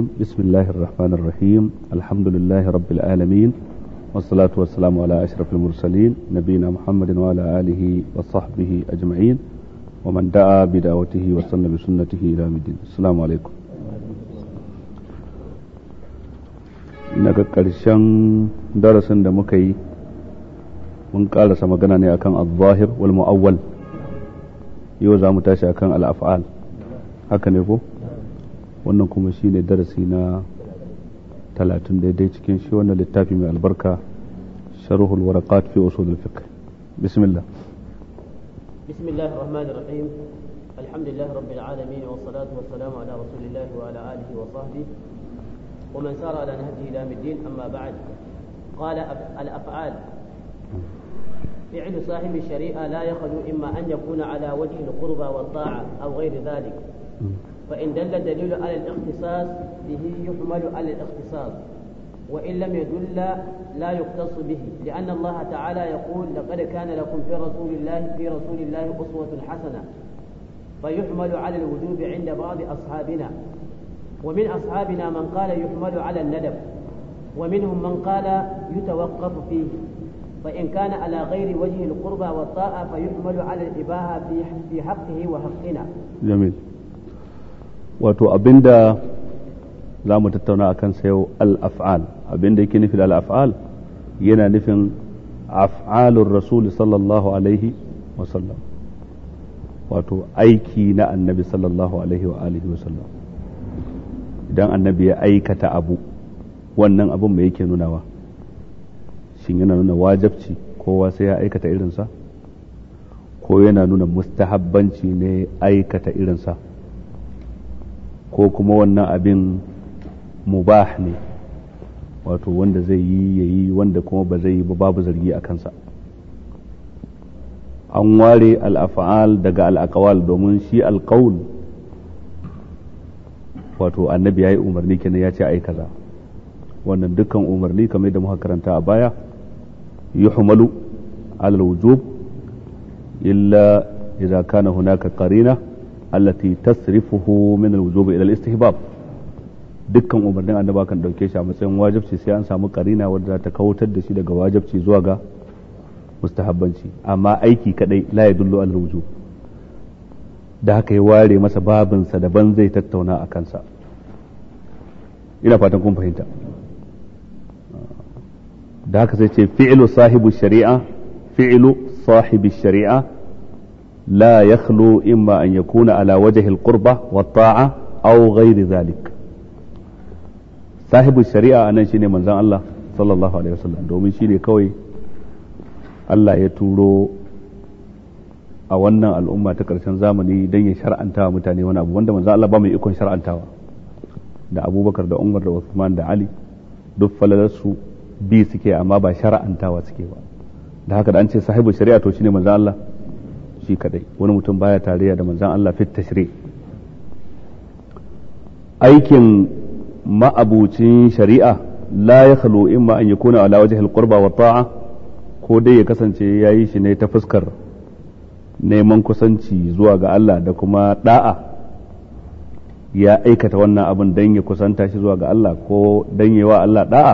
بسم الله الرحمن الرحيم الحمد لله رب العالمين والصلاة والسلام على أشرف المرسلين نبينا محمد وعلى آله وصحبه أجمعين ومن دعا بدعوته وسن بسنته إلى الدين السلام عليكم daga ƙarshen darasin da muka yi mun ƙarasa magana ne akan al-zahir wal mu'awwal yau za mu tashi akan al-af'al haka ne ko wannan kuma shi ne darasi na talatin daidai cikin shi wannan littafi mai albarka sharhul waraqat fi usul al-fiqh bismillah bismillahir rahmanir rahim alhamdulillah rabbil alamin was salatu was salam ala rasulillah wa ala alihi wa sahbihi wa man sara ala nahjihi ila middin amma ba'd qala al-af'al فعل صاحب الشريعة لا يخلو إما أن يكون على وجه القربى والطاعة أو غير ذلك فإن دل دليل على الاختصاص به يحمل على الاختصاص وإن لم يدل لا يقتص به لأن الله تعالى يقول لقد كان لكم في رسول الله في رسول الله أسوة حسنة فيحمل على الوجوب عند بعض أصحابنا ومن أصحابنا من قال يحمل على الندب ومنهم من قال يتوقف فيه فإن كان على غير وجه القربى والطاعة فيحمل على الإباحة في حقه وحقنا جميل wato abinda za mu tattauna a kansa yau al'af'al abinda yake nufi da al'af'al yana nufin af'alun rasul sallallahu alaihi wasallam wato aiki na annabi sallallahu alaihi wa alihi wasallam idan annabi ya aikata abu wannan abin mai yake nunawa shin yana nuna wajabci kowa sai ya aikata irinsa ko yana nuna mustahabbanci ne aikata irinsa ko kuma wannan abin mubah ne wato wanda zai yi ya yi wanda kuma ba zai yi ba babu zargi a kansa an ware al'afa'al daga al'akawal domin shi alƙaul wato annabi ya yi umarni kenan ya ce aika kaza wannan dukkan umarni kamar da muka karanta a baya yi humalu alal wujub illa idza na hunaka qarina allati tasrifuhu min al-wujub ila dukkan umarnin annaba kan dauke shi a matsayin wajibci sai an samu karina wadda za ta kautar da shi daga wajibci zuwa ga mustahabbanci amma aiki kadai la yadullu al wujub da haka ya ware masa babinsa daban zai tattauna a kansa ina fatan kun fahimta da haka sai ce fi'ilu sahibu shari'a fi'ilu sahibi shari'a لا يخلو إما أن يكون على وجه القربة والطاعة أو غير ذلك صاحب الشريعة أنا شيني من زان الله صلى الله عليه وسلم دومي شيني كوي الله يتورو a wannan al'umma ta ƙarshen zamani don ya shara'antawa mutane wani abu wanda manzo Allah ba mai ikon shara'antawa da abubakar da umar da usman da ali duk falalarsu bi suke amma ba shara'antawa suke ba da haka da an ce sahibu shari'a to shine manzo Allah shi kadai wani mutum baya tarayya da manzan Allah fit tashri aikin ma'abucin shari'a la ya khalo imma an yakuna ala wajhil qurba wa ta'a ko dai ya kasance yayi shi ne ta fuskar neman kusanci zuwa ga Allah da kuma da'a ya aikata wannan abin dan ya kusanta shi zuwa ga Allah ko dan wa Allah da'a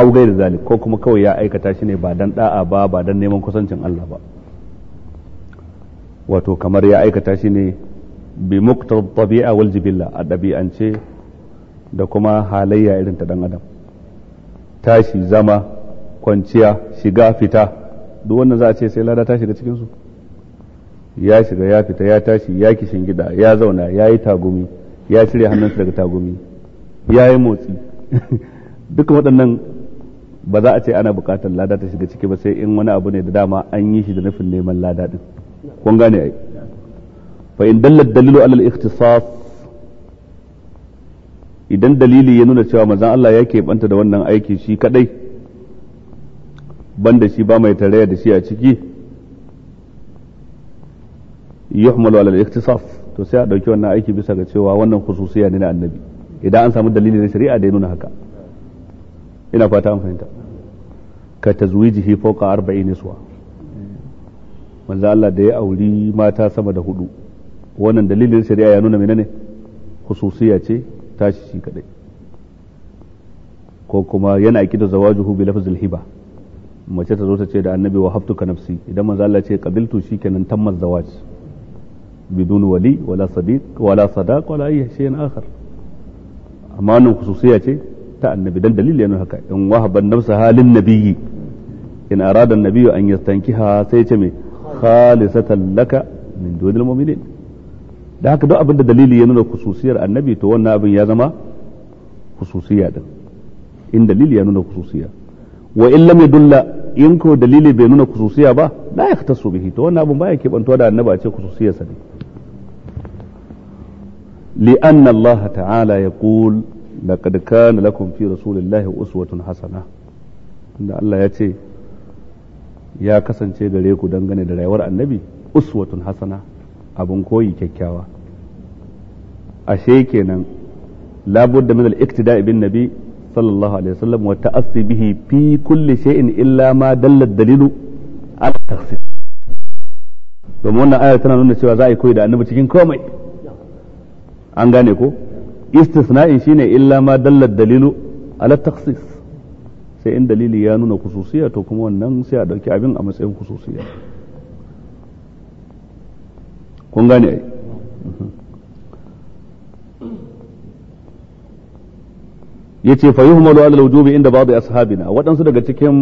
au gairi zalik ko kuma kawai ya aikata shi ne ba dan da'a ba ba dan neman kusancin Allah ba wato kamar ya aikata shi ne bi muktar tabi'a wal jibilla a ɗabi'ance da kuma halayya irin ta dan adam tashi zama kwanciya shiga fita duk wannan za a ce sai lada ta shiga cikinsu. ya shiga ya fita ya tashi ya kishin gida ya zauna ya yi tagumi ya cire hannunsa daga tagumi ya yi motsi duk waɗannan ba za a ce ana buƙatar lada ta shiga ciki ba sai in wani abu ne da dama an yi shi da nufin neman lada din kun gane ai fa in dalla dalilu ala al-ikhtisas idan dalili ya nuna cewa manzon Allah ya ke banta da wannan aiki shi kadai banda shi ba mai tarayya da shi a ciki yuhmalu ala al-ikhtisas to sai a dauki wannan aiki bisa ga cewa wannan khususiya ne na annabi idan an samu dalili na shari'a da ya nuna haka ina fata an fahimta ka tazwijihi fawqa 40 niswa manzo Allah da ya auri mata sama da hudu wannan dalilin shari'a ya nuna menene hususiya ce tashi shi kadai ko kuma yana akida zawajuhu bi lafzil hiba mace ta zo ta ce da annabi wa haftuka nafsi idan manzo Allah ce qabiltu shikenan tammaz zawaj bidun wali wala sadiq wala sadaq wala ayyi shay'in akhar amma nan hususiya ce ta annabi dan dalili nuna haka in wahaban nafsa halin nabiyyi in arada an-nabiyyu an yastankiha sai ce me khalisatan laka min dunil mu'minin da haka duk abin da dalili ya nuna khususiyar annabi to wannan abin ya zama khususiya din in dalili ya nuna khususiya wa in lam yadulla in ko dalili bai nuna khususiya ba la yaktasu bihi to wannan abin baya kebantuwa da annabi a ce sa ne لأن الله تعالى يقول لقد كان لكم في رسول الله hasana inda allah ya ce. ya kasance gare ku dangane da rayuwar annabi uswatun hasana abin koyi kyakkyawa ashe kenan labudda min al-iktida bin nabi sallallahu alaihi wasallam wa ta'assi bihi fi kulli shay'in illa ma dalla dalilu ala taqsir domin wannan aya tana nuna cewa za a yi koyi da annabi cikin komai an gane ko istisna'in shine illa ma dalla dalilu ala taqsis sai in dalili ya nuna kususiya to kuma wannan sai a ɗauki abin a matsayin kususiya kun gane ai ce fa yuhmalu ala alwujubi inda ba'd ashabina waɗansu daga cikin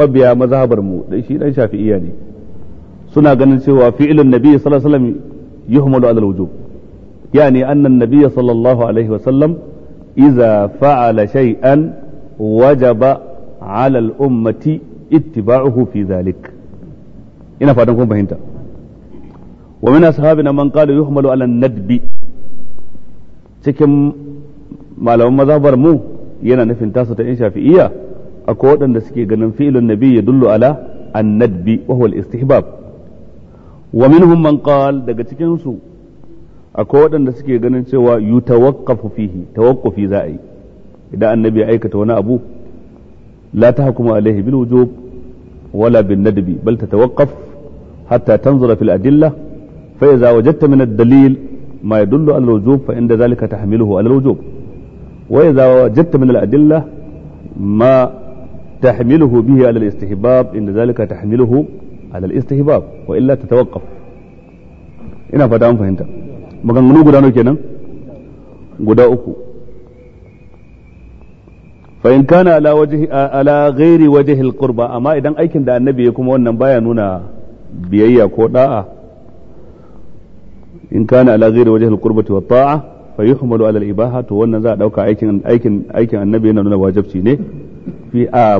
mabiya mazhabar mu dai shi dan shafi'iyya ne suna ganin cewa fi'ilun nabiy sallallahu alaihi wasallam yuhmalu ala alwujub yani anna an-nabiy sallallahu alaihi wasallam idza fa'ala shay'an wajaba ala al-ummati ittiba'uhu fi zalik ina fatan kun fahimta wa min ashabina man qala cikin malaman mazhabar mu yana nufin tasa ta in shafi'iyya akwai waɗanda suke ganin fi'ilun nabi ya dullu ala annadbi wa huwa istihbab wa minhum man qal daga cikin su akwai waɗanda suke ganin cewa yutawaqqafu fihi tawaqqufi za'i idan annabi ya aikata wani abu لا تحكم عليه بالوجوب ولا بالندب بل تتوقف حتى تنظر في الأدلة فإذا وجدت من الدليل ما يدل على الوجوب فإن ذلك تحمله على الوجوب وإذا وجدت من الأدلة ما تحمله به على الاستحباب إن ذلك تحمله على الاستحباب وإلا تتوقف إنا فتاهم an fahimta maganganu guda fa in kana ala wajhi ala ghairi wajhi alqurba amma idan aikin da annabi ya kuma wannan baya nuna biyayya ko da'a in kana ala ghairi wajhi alqurbati wa ta'a fa yuhmalu ala al-ibaha to wannan za a dauka aikin aikin aikin annabi yana nuna wajibci ne fi a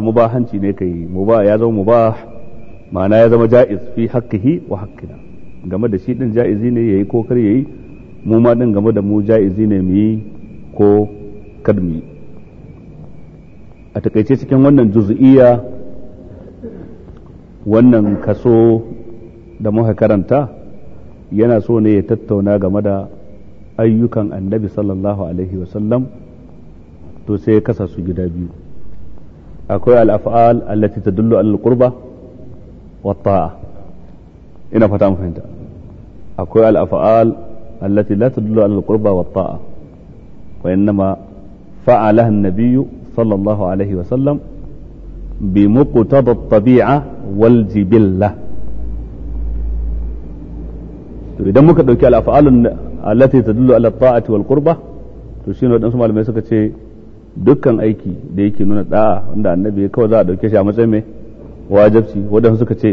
mubahanci ne kai muba ya zama mubah ma'ana ya zama ja'iz fi haqqihi wa haqqina game da shi din ja'izi ne yayi ko kar yayi mu ma din game da mu ja'izi ne mu yi ko kadmi. mu yi a takaice cikin wannan juzu'iya wannan kaso da muka karanta yana so ne ya tattauna game da ayyukan annabi sallallahu alaihi wasallam to sai ya kasa su gida biyu akwai al'afa'al allati ta alal qurba wa ta'a ina fata mu fahimta akwai al'afa'al allati la ta alal qurba wa ta'a wa innama fa’alahan an biyu. صلى الله عليه وسلم بمقتضى الطبيعة والجبلة idan muka ɗauki al'afa'alun allati tadullu ala ta'ati wal qurba to shine waɗansu malamai suka ce dukkan aiki da yake nuna da'a wanda annabi kawai za a dauke shi a matsayin mai wajabci. Waɗansu suka ce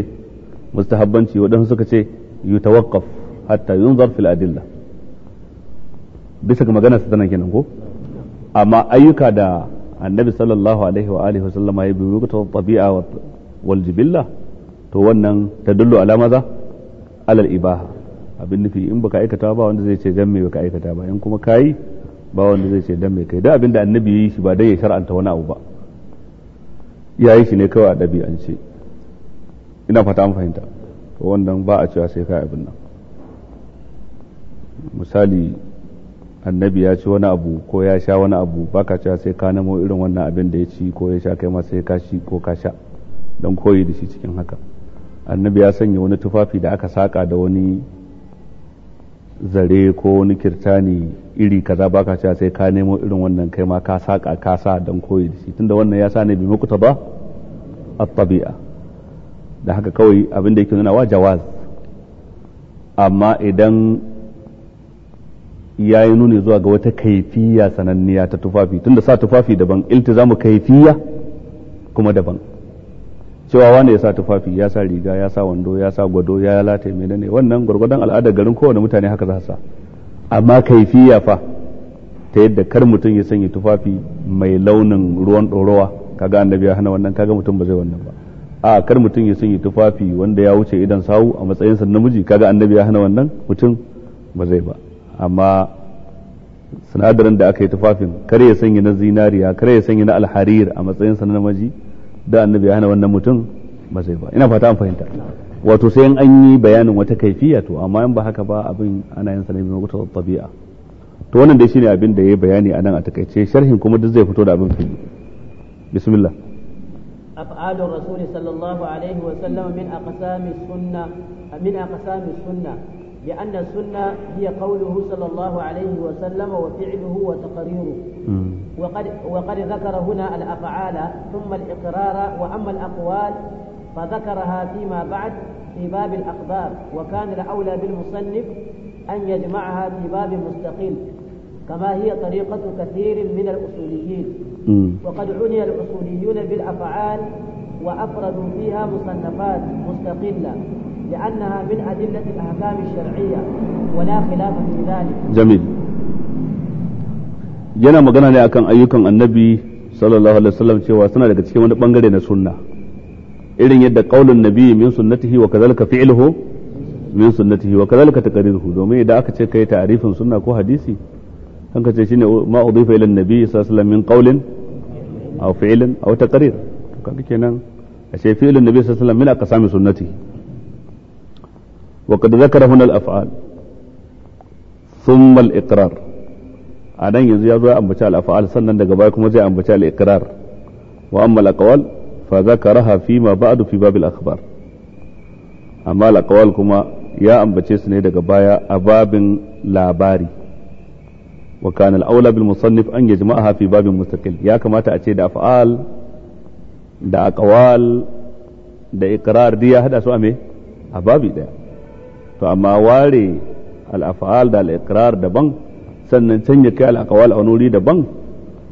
mustahabbanci waɗansu suka ce yutawaqqaf hatta yunzar fil adilla bisa ga maganar sa kenan ko amma ayyuka da annabi sallallahu alaihi wa alihi wasallama ya biyo ta tabi'a wal jibilla to wannan ta tadullu ala maza alal ibaha abin nufi in baka aikata ba wanda zai ce dan me baka aikata ba in kuma kai ba wanda zai ce dan me kai da abin da annabi yi shi ba dai ya shar'anta wani abu ba yayi shi ne kawai a ɗabi'ance ina fata an fahimta to wannan ba a cewa sai kai abin nan misali annabi ya ci wani abu ko ya sha wani abu baka cewa sai ka namo irin wannan abin da ya ci ko ya sha kai ma sai ka shi ko ka sha don koyi da shi cikin haka annabi ya sanya wani tufafi da aka saka da wani zare ko wani kirtani iri kaza baka cewa sai ka nemo irin wannan kai ma ka saka ka sa don koyi da shi tunda wannan ya sa ne bi makuta ba at-tabi'a da haka kawai abin da yake nuna wa jawaz amma idan ya yi nuni zuwa ga wata kaifiya sananniya ta tufafi tunda sa tufafi daban iltizamu kaifiya kuma daban cewa wanda ya sa tufafi ya sa riga ya sa wando ya sa gwado ya ya menene wannan gwargwadon al'adar garin kowane mutane haka za sa amma kaifiya fa ta yadda kar mutum ya sanya tufafi mai launin ruwan ɗorowa kaga annabi ya hana wannan kaga mutum ba zai wannan ba a kar mutum ya sanya tufafi wanda ya wuce idan sawu a matsayinsa namiji kaga annabi ya hana wannan mutum ba zai ba amma sinadarin da aka yi tufafin kare ya sanya na zinariya kare ya sanya na alharir a matsayin sa na namiji da annabi ya hana wannan mutum ba zai ba ina fata an fahimta wato sai an yi bayanin wata kaifiya to amma in ba haka ba abin ana yin sa ne maimakon tabi'a to wannan dai shine abin da ya bayani anan a takaice sharhin kuma duk zai fito da abin fili bismillah أفعال الرسول صلى الله عليه وسلم من أقسام السنة من أقسام السنة لأن السنة هي قوله صلى الله عليه وسلم وفعله وتقريره وقد, وقد ذكر هنا الأفعال ثم الإقرار وأما الأقوال فذكرها فيما بعد في باب الأخبار وكان الأولى بالمصنف أن يجمعها في باب مستقل كما هي طريقة كثير من الأصوليين وقد عني الأصوليون بالأفعال وأفردوا فيها مصنفات مستقلة لأنها من أدلة الأحكام الشرعية ولا خلاف في ذلك جميل yana magana ne akan ayyukan annabi sallallahu alaihi wasallam cewa suna daga cikin wani bangare na sunna irin yadda qaulun nabi min sunnatihi wa kadhalika fi'luhu min sunnatihi wa kadhalika taqriruhu domin idan aka ce kai ta'rifin sunna ko hadisi an ka ce shine ma udifa ila nabi sallallahu alaihi wasallam min qaulin aw fi'lin aw taqrir kaga kenan ashe fi'lun nabi sallallahu alaihi wasallam min sami sunnatihi وقد ذكر هنا الأفعال ثم الإقرار أدن يزيد أنبتاء الأفعال سنن دقبائكم وزي أنبتاء الإقرار وأما الأقوال فذكرها فيما بعد في باب الأخبار أما الأقوال كما يا أنبتيس نيدا قبايا أباب لاباري وكان الأولى بالمصنف أن يجمعها في باب مستقل يا كما تأتي دا أفعال دا أقوال دا إقرار دي هذا سؤال أبابي ده to amma ware al'afa'al da al'iqrar daban sannan can ya kai al'akawal a wani daban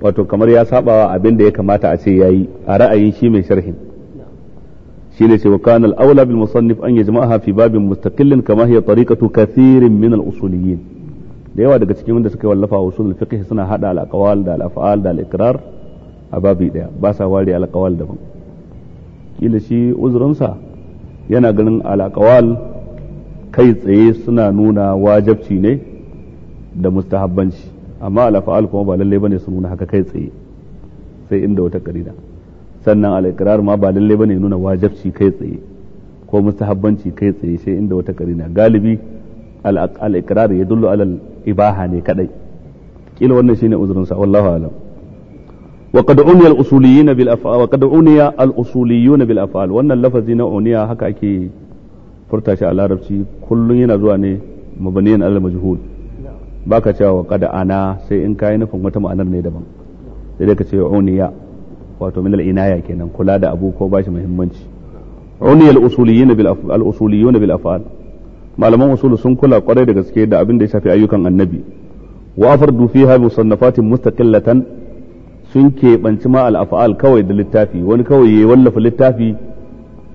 wato kamar ya saba abin da ya kamata a ce yayi a ra'ayin shi mai sharhin shine ce wa aula bil musannif an jama'a fi babin mustaqillin kama hiya tariqatu kathirin min al-usuliyyin da yawa daga cikin wanda suka wallafa usul fiqh suna hada al-aqwal da al-af'al da al-iqrar a babi daya ba sa ware al-aqwal daban kila shi uzurinsa yana ganin al-aqwal kai tsaye suna nuna wajabci ne da mustahabbanci amma alafa'al kuma ba lalle bane su nuna haka kai tsaye sai inda wata karina sannan al'ikirar ma ba lalle bane nuna wajabci kai tsaye ko mustahabbanci kai tsaye sai inda wata karina galibi al'ikirar ya dullu alal ibaha ne kadai kila wannan shine uzurinsa wallahu alam وقد عني الأصوليين بالأفعال وقد عني الأصوليون بالأفعال وأن اللفظ هنا عنيا هكا furta shi a larabci kullum yana zuwa ne mabaniyan alal majhul baka cewa da ana sai in kai nufin wata ma'anar ne daban sai dai ka ce uniya wato min al-inaya kenan kula da abu ko bashi muhimmanci uniya al-usuliyyin bil al-usuliyyun malaman usul sun kula kwarai da gaske da abin da ya shafi ayyukan annabi wa afardu fiha musannafatin mustaqillatan sun keɓanci ma al-af'al kawai da littafi wani kawai ya wallafa littafi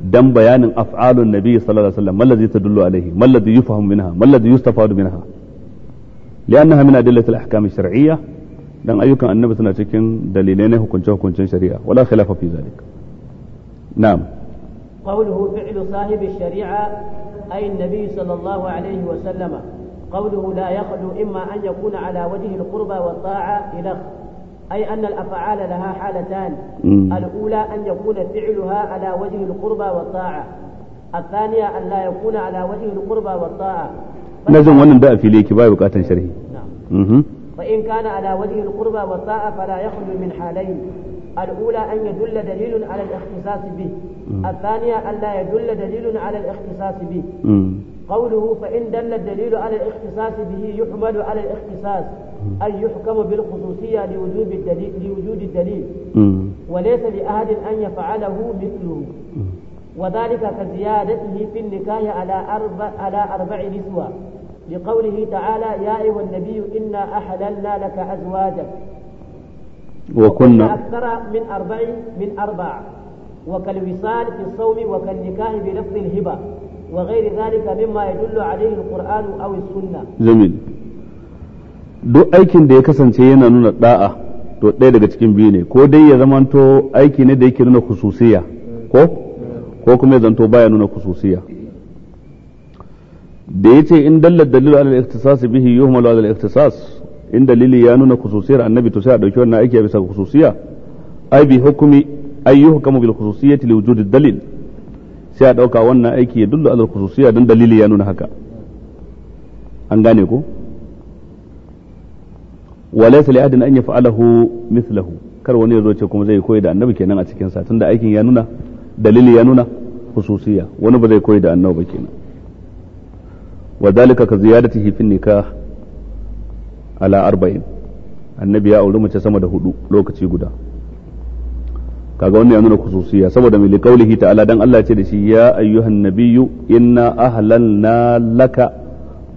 dan bayanin af'alun nabi sallallahu alaihi wasallam mallazi tadullu alaihi mallazi yufhamu minha mallazi yustafadu minha li'annaha min adillati al-ahkam ash-shar'iyyah dan ayyukan annabi suna cikin dalilai na hukunce hukuncen shari'a wala khilafa fi zalik na'am qawluhu fi'lu sahibi ash-shari'a ay an-nabi sallallahu alaihi wasallam qawluhu la yakhlu imma an yakuna ala wajhi al-qurba wa ta'a ila أي أن الأفعال لها حالتان الأولى أن يكون فعلها على وجه القربى والطاعة الثانية أن لا يكون على وجه القربى والطاعة لازم wannan da في fili باي bai bukatan فإن كان على وجه القربى والطاعة فلا يخلو من حالين الأولى أن يدل دليل على الاختصاص به الثانية أن لا يدل دليل على الاختصاص به قوله فإن دل الدليل على الاختصاص به يحمل على الاختصاص أن يحكم بالخصوصية لوجود الدليل, لوجود الدليل وليس لأحد أن يفعله مثله وذلك كزيادته في النكاح على أربع, على أربع نسوة لقوله تعالى يا أيها النبي إنا أحللنا لك أزواجك وكنا أكثر من أربع من أربع وكالوصال في الصوم وكالنكاح بلفظ الهبة وغير ذلك مما يدل عليه القرآن أو السنة جميل duk aikin da ya kasance yana nuna da'a to ɗaya daga cikin biyu ne ko dai ya zamanto aiki ne da yake nuna kususiya ko ko kuma ya zanto baya nuna kususiya da yace in dallar dalilu ala al-ikhtisas bihi yuhmalu ala al-ikhtisas in dalili ya nuna kususiyar annabi to sai a dauki wannan aiki a bisa kususiya ai bi hukumi ay yuhkamu bil khususiyyati li wujudi dalil sai a dauka wannan aiki ya dullu ala khususiyya dan dalili ya nuna haka an gane ko wa laysa li ahadin an yaf'alahu kar wani ya zo ce kuma zai koyi da annabi kenan a cikin sa tunda aikin ya nuna dalili ya nuna hususiya wani ba zai koyi da annabi ba kenan wa zalika ka ziyadatihi fi nikah ala arba'in annabi ya auri mace sama da hudu lokaci guda kaga wannan ya nuna kususiya saboda mai liqaulihi ta'ala dan Allah ce da shi ya ayyuhan nabiyyu inna ahlalna laka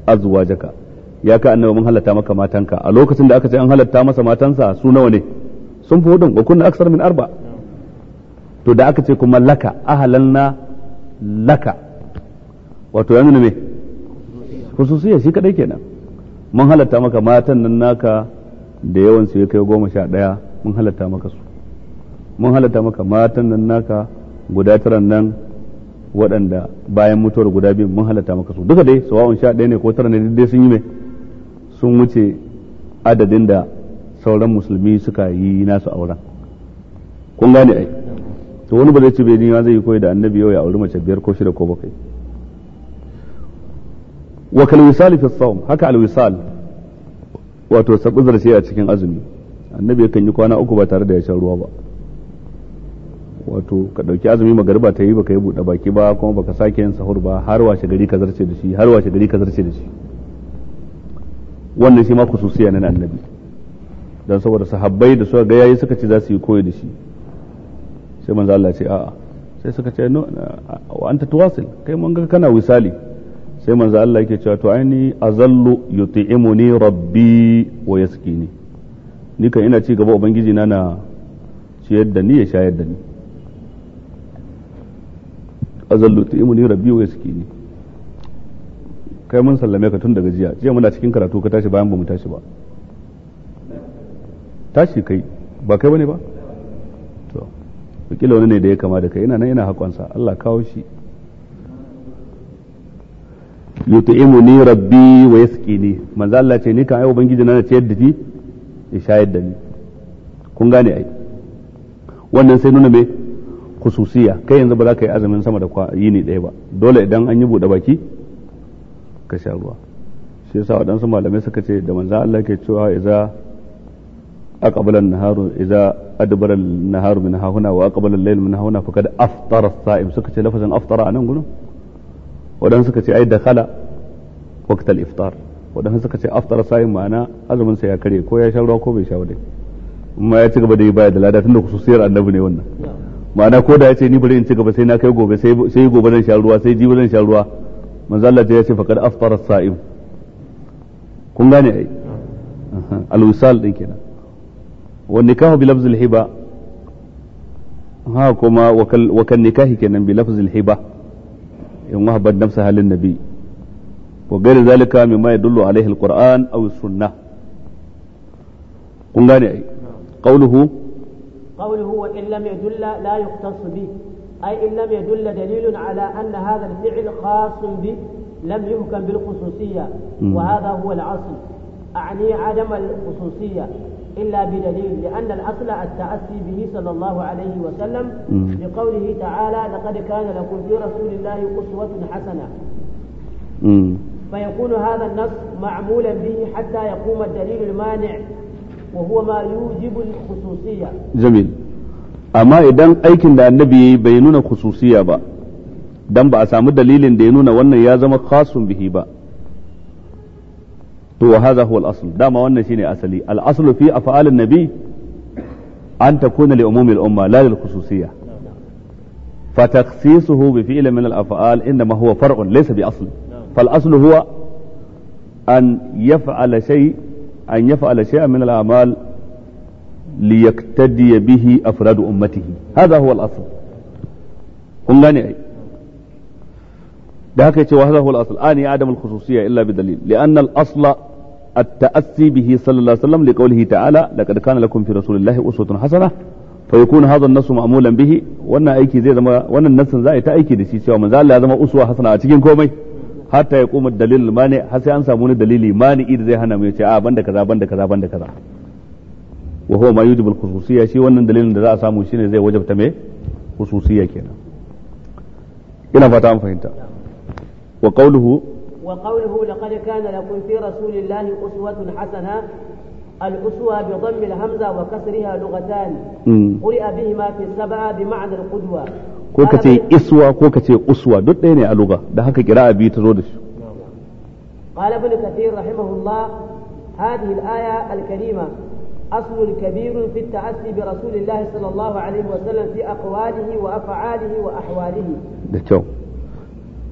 azwajaka ya ka annabi mun halatta maka matanka a lokacin da aka ce an halatta masa matansa su nawa ne sun fi hudun wa kunna aksar min arba to da aka ce kuma laka ahalanna laka wato yanzu me khususiyya shi kadai kenan mun halatta maka matan nan naka da yawan su ya kai goma sha ɗaya mun halatta maka su mun halatta maka matan nan naka guda taran nan waɗanda bayan mutuwar guda biyu mun halatta maka su duka dai sawa'un sha ɗaya ne ko tara ne dai sun yi mai sun wuce adadin da sauran musulmi suka yi nasu auren kun gane ai to wani ba zai ci bai ni zai yi koyi da annabi yau ya auri mace biyar ko shida ko bakwai wa kal wisal fi sawm haka al wisal wato sabu zarce a cikin azumi annabi ya yi kwana uku ba tare da ya sha ruwa ba wato ka dauki azumi magariba ta yi baka yi buɗe baki ba kuma baka sake yin sahur ba har washe gari ka zarce da shi har washe gari ka zarce da shi wannan shi ma khususiya na annabi dan saboda sahabbai da suka ga yayi suka ce za su yi koyi da shi sai manzo Allah ce a'a sai suka ce no wa anta tuwasil kai mun ga kana wisali sai manzo Allah yake cewa to aini azallu yuti'imuni rabbi wa yaskini ni kan ina ci gaba ubangiji na na ciyar da ni ya shayar da ni azallu yuti'imuni rabbi wa yaskini kai mun sallame ka tun daga jiya jiya muna cikin karatu ka tashi bayan ba mu tashi ba tashi kai ba kai bane ba to wakila wani ne da ya kama da kai ina nan ina hakonsa Allah kawo shi ni rabbi wa yasqini manzo Allah ce ni kan ai ubangiji na na ce yadda ji ya shayar da ni kun gane ai wannan sai nuna me khususiya kai yanzu ba za ka yi azumin sama da kwa yini ɗaya ba dole idan an yi buɗe baki suka sha ruwa shi yasa waɗansu malamai suka ce da manzan Allah ke cewa iza aqbala an-naharu iza adbara an-naharu min hahuna wa a ƙabalar layl min hahuna faqad aftara as-sa'im suka ce lafazin aftara nan gurin waɗansu suka ce ai da kala al-iftar waɗansu suka ce aftara sa'im ma'ana azumin sa ya kare ko ya sha ruwa ko bai sha ba amma ya ci gaba da yi baya da lada tunda kususiyar annabi ne wannan ma'ana ko da ya ce ni bari in ci gaba sai na kai gobe sai gobe zan sha ruwa sai jibi zan sha ruwa manzo Allah ya ce faqad aftara as-sa'im kun gane ai al-wisal din kenan wa nikahu bi lafz al-hiba ha kuma wa kan nikahi kenan bi lafz al-hiba in wahabat nafsaha lin nabi wa ghayr zalika mimma yadullu alayhi al-qur'an aw as-sunnah kun gane ai qawluhu qawluhu wa in lam yadulla la yuqtasu bihi أي إن لم يدل دليل على أن هذا الفعل خاص به لم يحكم بالخصوصية وهذا هو الأصل أعني عدم الخصوصية إلا بدليل لأن الأصل التأسي به صلى الله عليه وسلم لقوله تعالى لقد كان لكم في رسول الله أسوة حسنة فيكون هذا النص معمولا به حتى يقوم الدليل المانع وهو ما يوجب الخصوصية جميل amma idan aikin da annabi yayi bai nuna khususiya ba dan ba a samu dalilin da ya nuna wannan ya zama khasun bihi ba to wa hadha huwa al-asl dama wannan shine asali al-aslu fi af'al an-nabi an takuna li umumi al-umma la lil khususiyya fa takhsisuhu bi fi'l min al-af'al inma huwa far'un laysa bi asl فالأصل هو أن يفعل شيء أن يفعل شيئا من الأعمال liyaktadiya bihi afradu ummatihi hadha huwa al-asl kun gane ai da haka yace wa hadha huwa al-asl ani adam al-khususiyya illa bi dalil li'anna al-asla التأسي به صلى الله عليه وسلم لقوله تعالى لقد كان لكم في رسول الله أسوة حسنة فيكون هذا النص مأمولا به وأن أيكي زي زما وأن النص زي تأيكي دي سيسي ومن زال لازم أسوة حسنة أتكين كومي حتى يقوم الدليل المانع حسي أنسى من الدليل مانع إذا زي هنا ميوتي آه بند كذا بند كذا بند كذا wa huwa ma yujibul khususiyya shi wannan dalilin da za a samu shine zai wajabta me khususiyya kenan ina fata an fahimta wa qawluhu wa qawluhu laqad kana lakum fi rasulillahi uswatun hasana الأسوة بضم الهمزة وكسرها لغتان قرئ بهما في السبعة بمعنى القدوة ko ka ce iswa ko ka ce uswa duk ɗaya ne a luga da haka biyu ta zo da shi قال ابن كثير رحمه الله هذه الآية الكريمة أصل كبير في التعسي برسول الله صلى الله عليه وسلم في أقواله وأفعاله وأحواله دكتور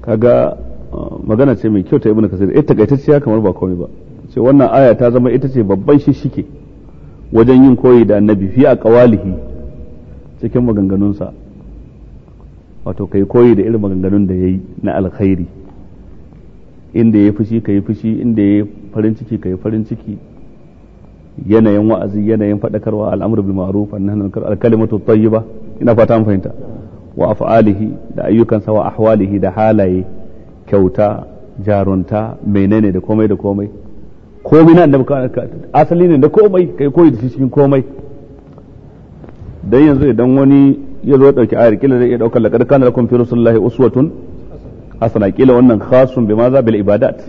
kaga uh, magana ce mai kyau ta ibnu kasir ita takaitacciya kamar ba komai ba ce wannan aya ta zama ita ce babban shishike wajen yin koyi da annabi fi a kawalihi cikin maganganunsa wato kai koyi da irin maganganun da ya yi na alkhairi inda ya fushi ka yi fushi inda ya farin ciki ka yi farin ciki yanayin wa'azi yanayin faɗakarwa al'amr bil ma'ruf annahi munkar al kalimatu tayyiba ina fata an fahimta wa af'alihi da ayyukansa wa ahwalihi da halaye kyauta jarunta menene da komai da komai komai na annabi asali ne da komai kai koyi da cikin komai dan yanzu idan wani ya zo dauki ayar kila zai iya daukar laqad kana lakum fi rasulillahi uswatun hasana kila wannan khasun bima za bil ibadat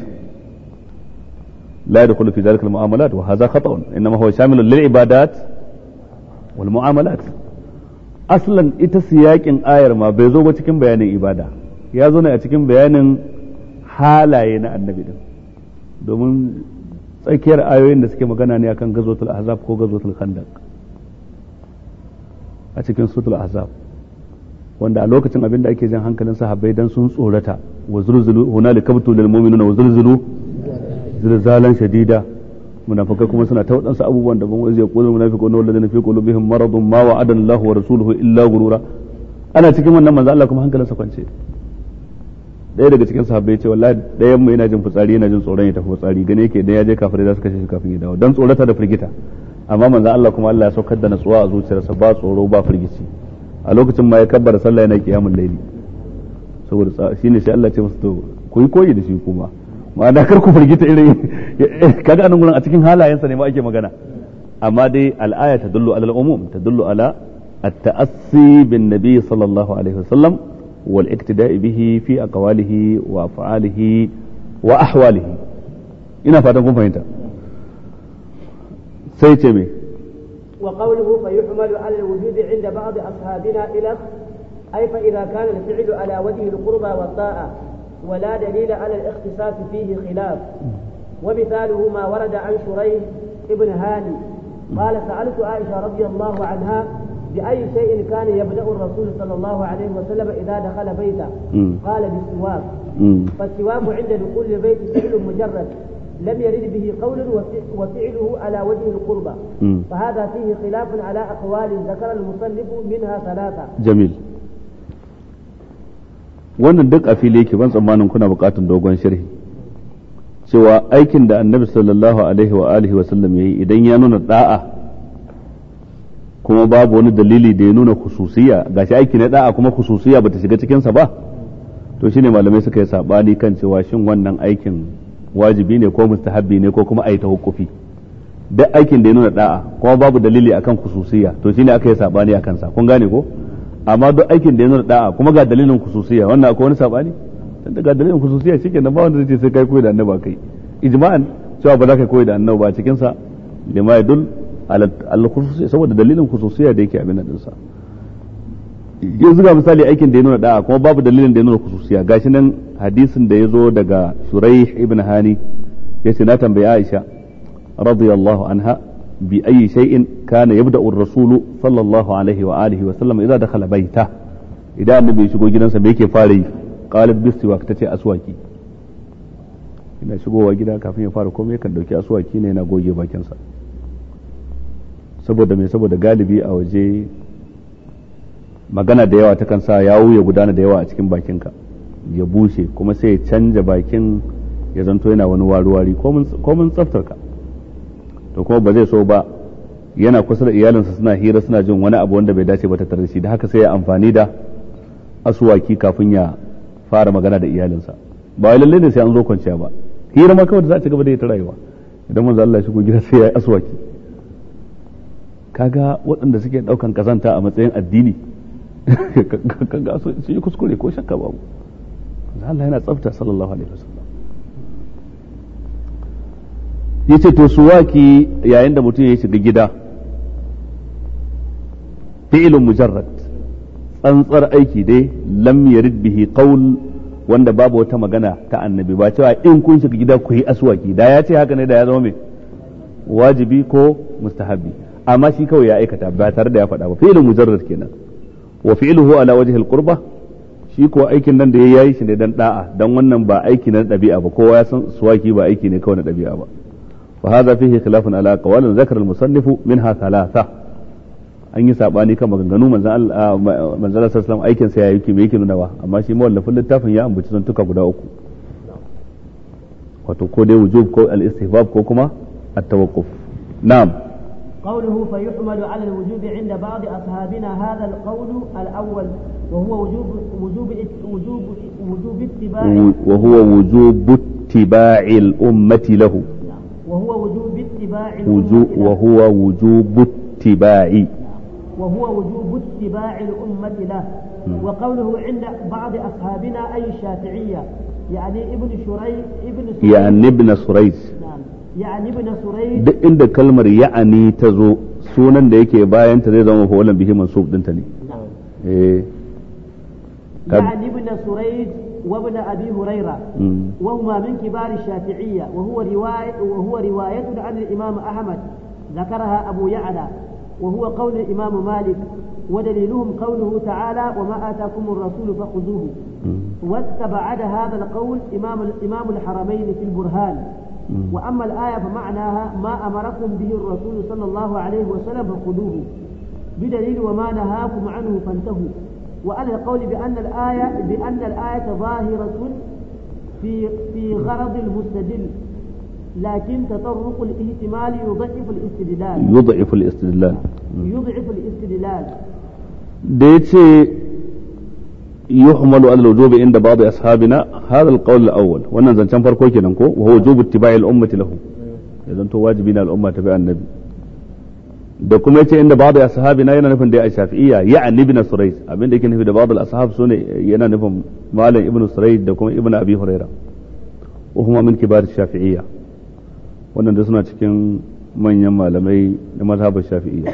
لا يدخل في ذلك المعاملات وهذا خطا انما هو شامل للعبادات والمعاملات اصلا ita siyakin ayar ma bai zo ba cikin bayanin ibada ya zo ne a cikin bayanin halaye na annabi din domin tsakiyar ayoyin da suke magana ne akan gazotul ahzab ko gazotul khandaq a cikin sutul ahzab wanda a lokacin abin da ake jan hankalin sahabbai dan sun tsorata wa zulzulu hunalika butul mu'minuna wa zulzulu zilzalan shadida munafikai kuma suna ta waɗansu abubuwan da wai zai kullu na wal na fi qulubihim maradun ma wa'adana Allah wa rasuluhu illa gurura ana cikin wannan manzo Allah kuma hankalinsa kwance ɗaya daga cikin sahabbai ce wallahi ɗayan mu yana jin fitsari yana jin tsoron ya tafi fitsari gane yake dan ya je kafir za su kashe shi kafin ya dawo dan tsorata da firgita amma manzo Allah kuma Allah ya saukar da natsuwa a zuciyarsa ba tsoro ba firgici a lokacin ma ya kabbara sallah yana kiyamul laili saboda shine sai Allah ce masa to ku yi koyi da shi kuma ma'ana kar ku firgita irin kaga anan gurin a cikin halayensa ne ma ake magana amma dai al'aya ta dullu ala umum ta dullu ala at-ta'assi bin nabi sallallahu alaihi wasallam wal iktida'i bihi fi aqwalihi wa af'alihi wa ahwalihi ina fatan kun fahimta sai ce me wa qawluhu fa yuhmalu ala al-wujudi 'inda ba'd ashabina ila ay fa idha kana al-fi'lu ala wajhi al-qurba wa ta'a ولا دليل على الاختصاص فيه خلاف ومثاله ما ورد عن شريح ابن هاني قال سألت عائشة رضي الله عنها بأي شيء كان يبدأ الرسول صلى الله عليه وسلم إذا دخل بيته قال بالسواك فالسواك عند دخول البيت فعل مجرد لم يرد به قول وفعله على وجه القربى فهذا فيه خلاف على أقوال ذكر المصنف منها ثلاثة جميل wannan duk a fili yake ban tsammanin kuna bukatun dogon sharhi cewa aikin da annabi sallallahu alaihi wa alihi wasallam yayi idan ya nuna da'a kuma babu wani dalili da ya nuna khususiya gashi aiki na da'a kuma khususiya bata shiga cikin sa ba to shine malamai suka yi sabani kan cewa shin wannan aikin wajibi ne ko mustahabbi ne ko kuma ayi hukufi duk aikin da ya nuna da'a kuma babu dalili akan khususiya to shine aka yi sabani akan sa kun gane ko amma duk aikin da ya nuna da'a kuma ga dalilin kususiya wannan akwai wani sabani tunda ga dalilin kususiya shike nan ba wanda zai ce sai kai koyi da annabi kai ijma'an cewa ba za ka koyi da annabi ba cikin sa lima yadul al kususiya saboda dalilin kususiya da yake abin nan sa yanzu ga misali aikin da ya nuna da'a kuma babu dalilin da ya nuna kususiya gashi nan hadisin da ya zo daga Shuraih ibn Hani yace na tambayi Aisha radiyallahu anha bi ayi shay'in kana yabda ar-rasul sallallahu alaihi wa alihi wa sallam da dakhala baita idan annabi ya shigo gidansa me yake fara yi qalat bisiwak aswaki ina shigowa gida kafin ya fara komai kan dauki aswaki ne yana goge bakin sa saboda me saboda galibi a waje magana da yawa ta kan sa yawo ya gudana da yawa a cikin bakinka ya bushe kuma sai ya canja bakin ya zanto yana wani wari-wari ko mun tsaftar ka to kuma ba zai so ba yana kusa da iyalinsa suna hira suna jin wani abu wanda bai dace ba ta da da haka sai ya amfani da asuwaki kafin ya fara magana da iyalinsa ba wai lalle ne sai an zo kwanciya ba hira ma kawai da za a ci gaba da ita rayuwa idan manzo Allah ya shigo gida sai ya yi asuwaki kaga waɗanda suke ɗaukan kazanta a matsayin addini kaga su yi kuskure ko shakka babu Allah yana tsafta sallallahu alaihi wasallam yace to suwaki yayin da mutum ya shiga gida fi'ilun mujarrad tsantsar aiki dai lam yarid bihi qaul wanda babu wata magana ta annabi ba cewa in kun shiga gida ku yi aswaki da ya ce haka ne da ya zama mai wajibi ko mustahabi amma shi kawai ya aikata ba tare da ya faɗa ba fi'ilun mujarrad kenan wa fi'luhu ala wajhi al shi ko aikin nan da ya yi shi ne dan da'a dan wannan ba aiki na ɗabi'a ba kowa ya san suwaki ba aiki ne kawai na dabi'a ba وهذا فيه خلاف على قوال ذكر المصنف منها ثلاثة أن يسأب أني كما قنو منزل آه، منزل صلى الله عليه وسلم أي كان سيأيكي ميكي نوا أما شيء مولف اللتاف يا أم بجسن تكا قد وتقول وجوب كو الاستحباب كوكما التوقف نعم قوله فيحمل على الوجوب عند بعض أصحابنا هذا القول الأول وهو وجوب وجوب وجوب وجوب اتباع وهو وجوب اتباع الأمة له وهو وجوب اتباع وجو وهو وجوب اتباع وهو وجوب اتباع الأمة له وقوله عند بعض أصحابنا أي الشافعية يعني ابن شريح ابن يعني ابن سريس نعم يعني ابن سريس duk inda kalmar ya'ani ta zo sunan da yake bayan ta zai zama fawalan bihi mansub dinta ne eh يعني ابن سريج وابن أبي هريرة وهما من كبار الشافعية وهو رواية وهو رواية عن الإمام أحمد ذكرها أبو يعلى وهو قول الإمام مالك ودليلهم قوله تعالى وما آتاكم الرسول فخذوه واتبع هذا القول إمام الإمام الحرمين في البرهان وأما الآية فمعناها ما أمركم به الرسول صلى الله عليه وسلم فخذوه بدليل وما نهاكم عنه فانتهوا وأنا قولي بأن الآية بأن الآية ظاهرة في في غرض المستدل لكن تطرق الاهتمال يضعف الاستدلال يضعف الاستدلال يضعف الاستدلال ديتي يحمل على الوجوب عند بعض أصحابنا هذا القول الأول وأنا زنشان فرقوكي ننكو وهو وجوب اتباع الأمة له إذا أنتم واجبين الأمة تبع النبي da kuma yace inda ba'd ashabi na yana nufin da ya a ibn surayj abin da yake nufi da ba'd al-ashab ne yana nufin malam ibn surayj da kuma ibn abi huraira uhuma min kibar shafi'iyya wannan da suna cikin manyan malamai da mazhabar shafi'iyya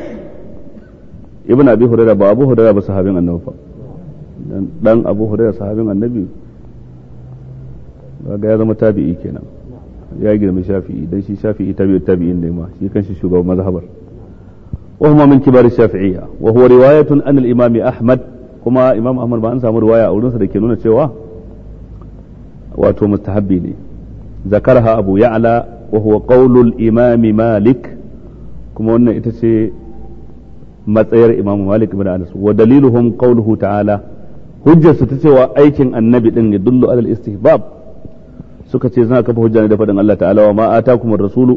ibn abi huraira ba abu huraira ba sahabin annabi fa dan abu huraira sahabin annabi ga ya zama tabi'i kenan ya girma shafi'i dan shi shafi'i tabi'i tabi'in ne ma shi kanshi shugaban mazhabar وهما من كبار الشافعية وهو رواية أن الإمام أحمد كما إمام أحمد بأن سامو رواية أو نسر كنونة شوا واتو مستحبين ذكرها أبو يعلى وهو قول الإمام مالك كما أن إتسي matsayar imamu malik ibn anas wa daliluhum qawluhu ta'ala hujjar su ta cewa aikin annabi din yadullu istihbab suka ce suna kafa hujja ne da fadin Allah ta'ala wa ma atakumur rasulu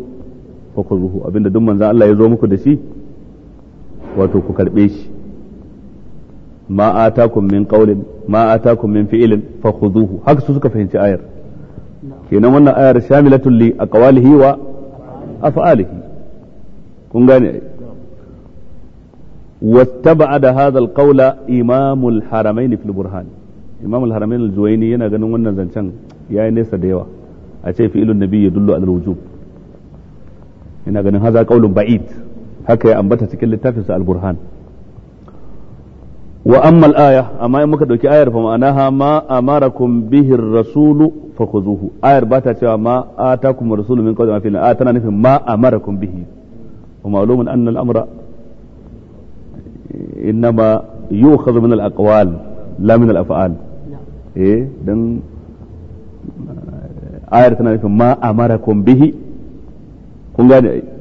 fakhudhuhu abinda duk manzon Allah ya zo muku da shi wato ku karbe shi ma atakum min qawlin ma atakum min fi'lin fakhuduhu haka su suka fahimci ayar kenan wannan ayar shamilatul li aqwalihi wa af'alihi kun gane wastaba'ada hadha alqawla imamul haramain fil burhan imamul haramain al Al-Juwaini yana ganin wannan zancen yayi nesa da yawa a ce fi'ilun nabi Dullu ala al-wujub ina ganin haza qaulun ba'id haka ya ambata cikin littafinsa al-burhan wa amma al-aya amma in muka dauki ayar fa ma'anaha ma amarakum bihi ar-rasul fa khuzuhu ayar bata ta cewa ma atakum ar-rasul min qawli ma fil a tana nufin ma amarakum bihi wa ma'lumun anna al-amra innama yu'khadhu min al-aqwal la min al-af'al eh dan eh, ayar tana nufin ma amarakum bihi kun gane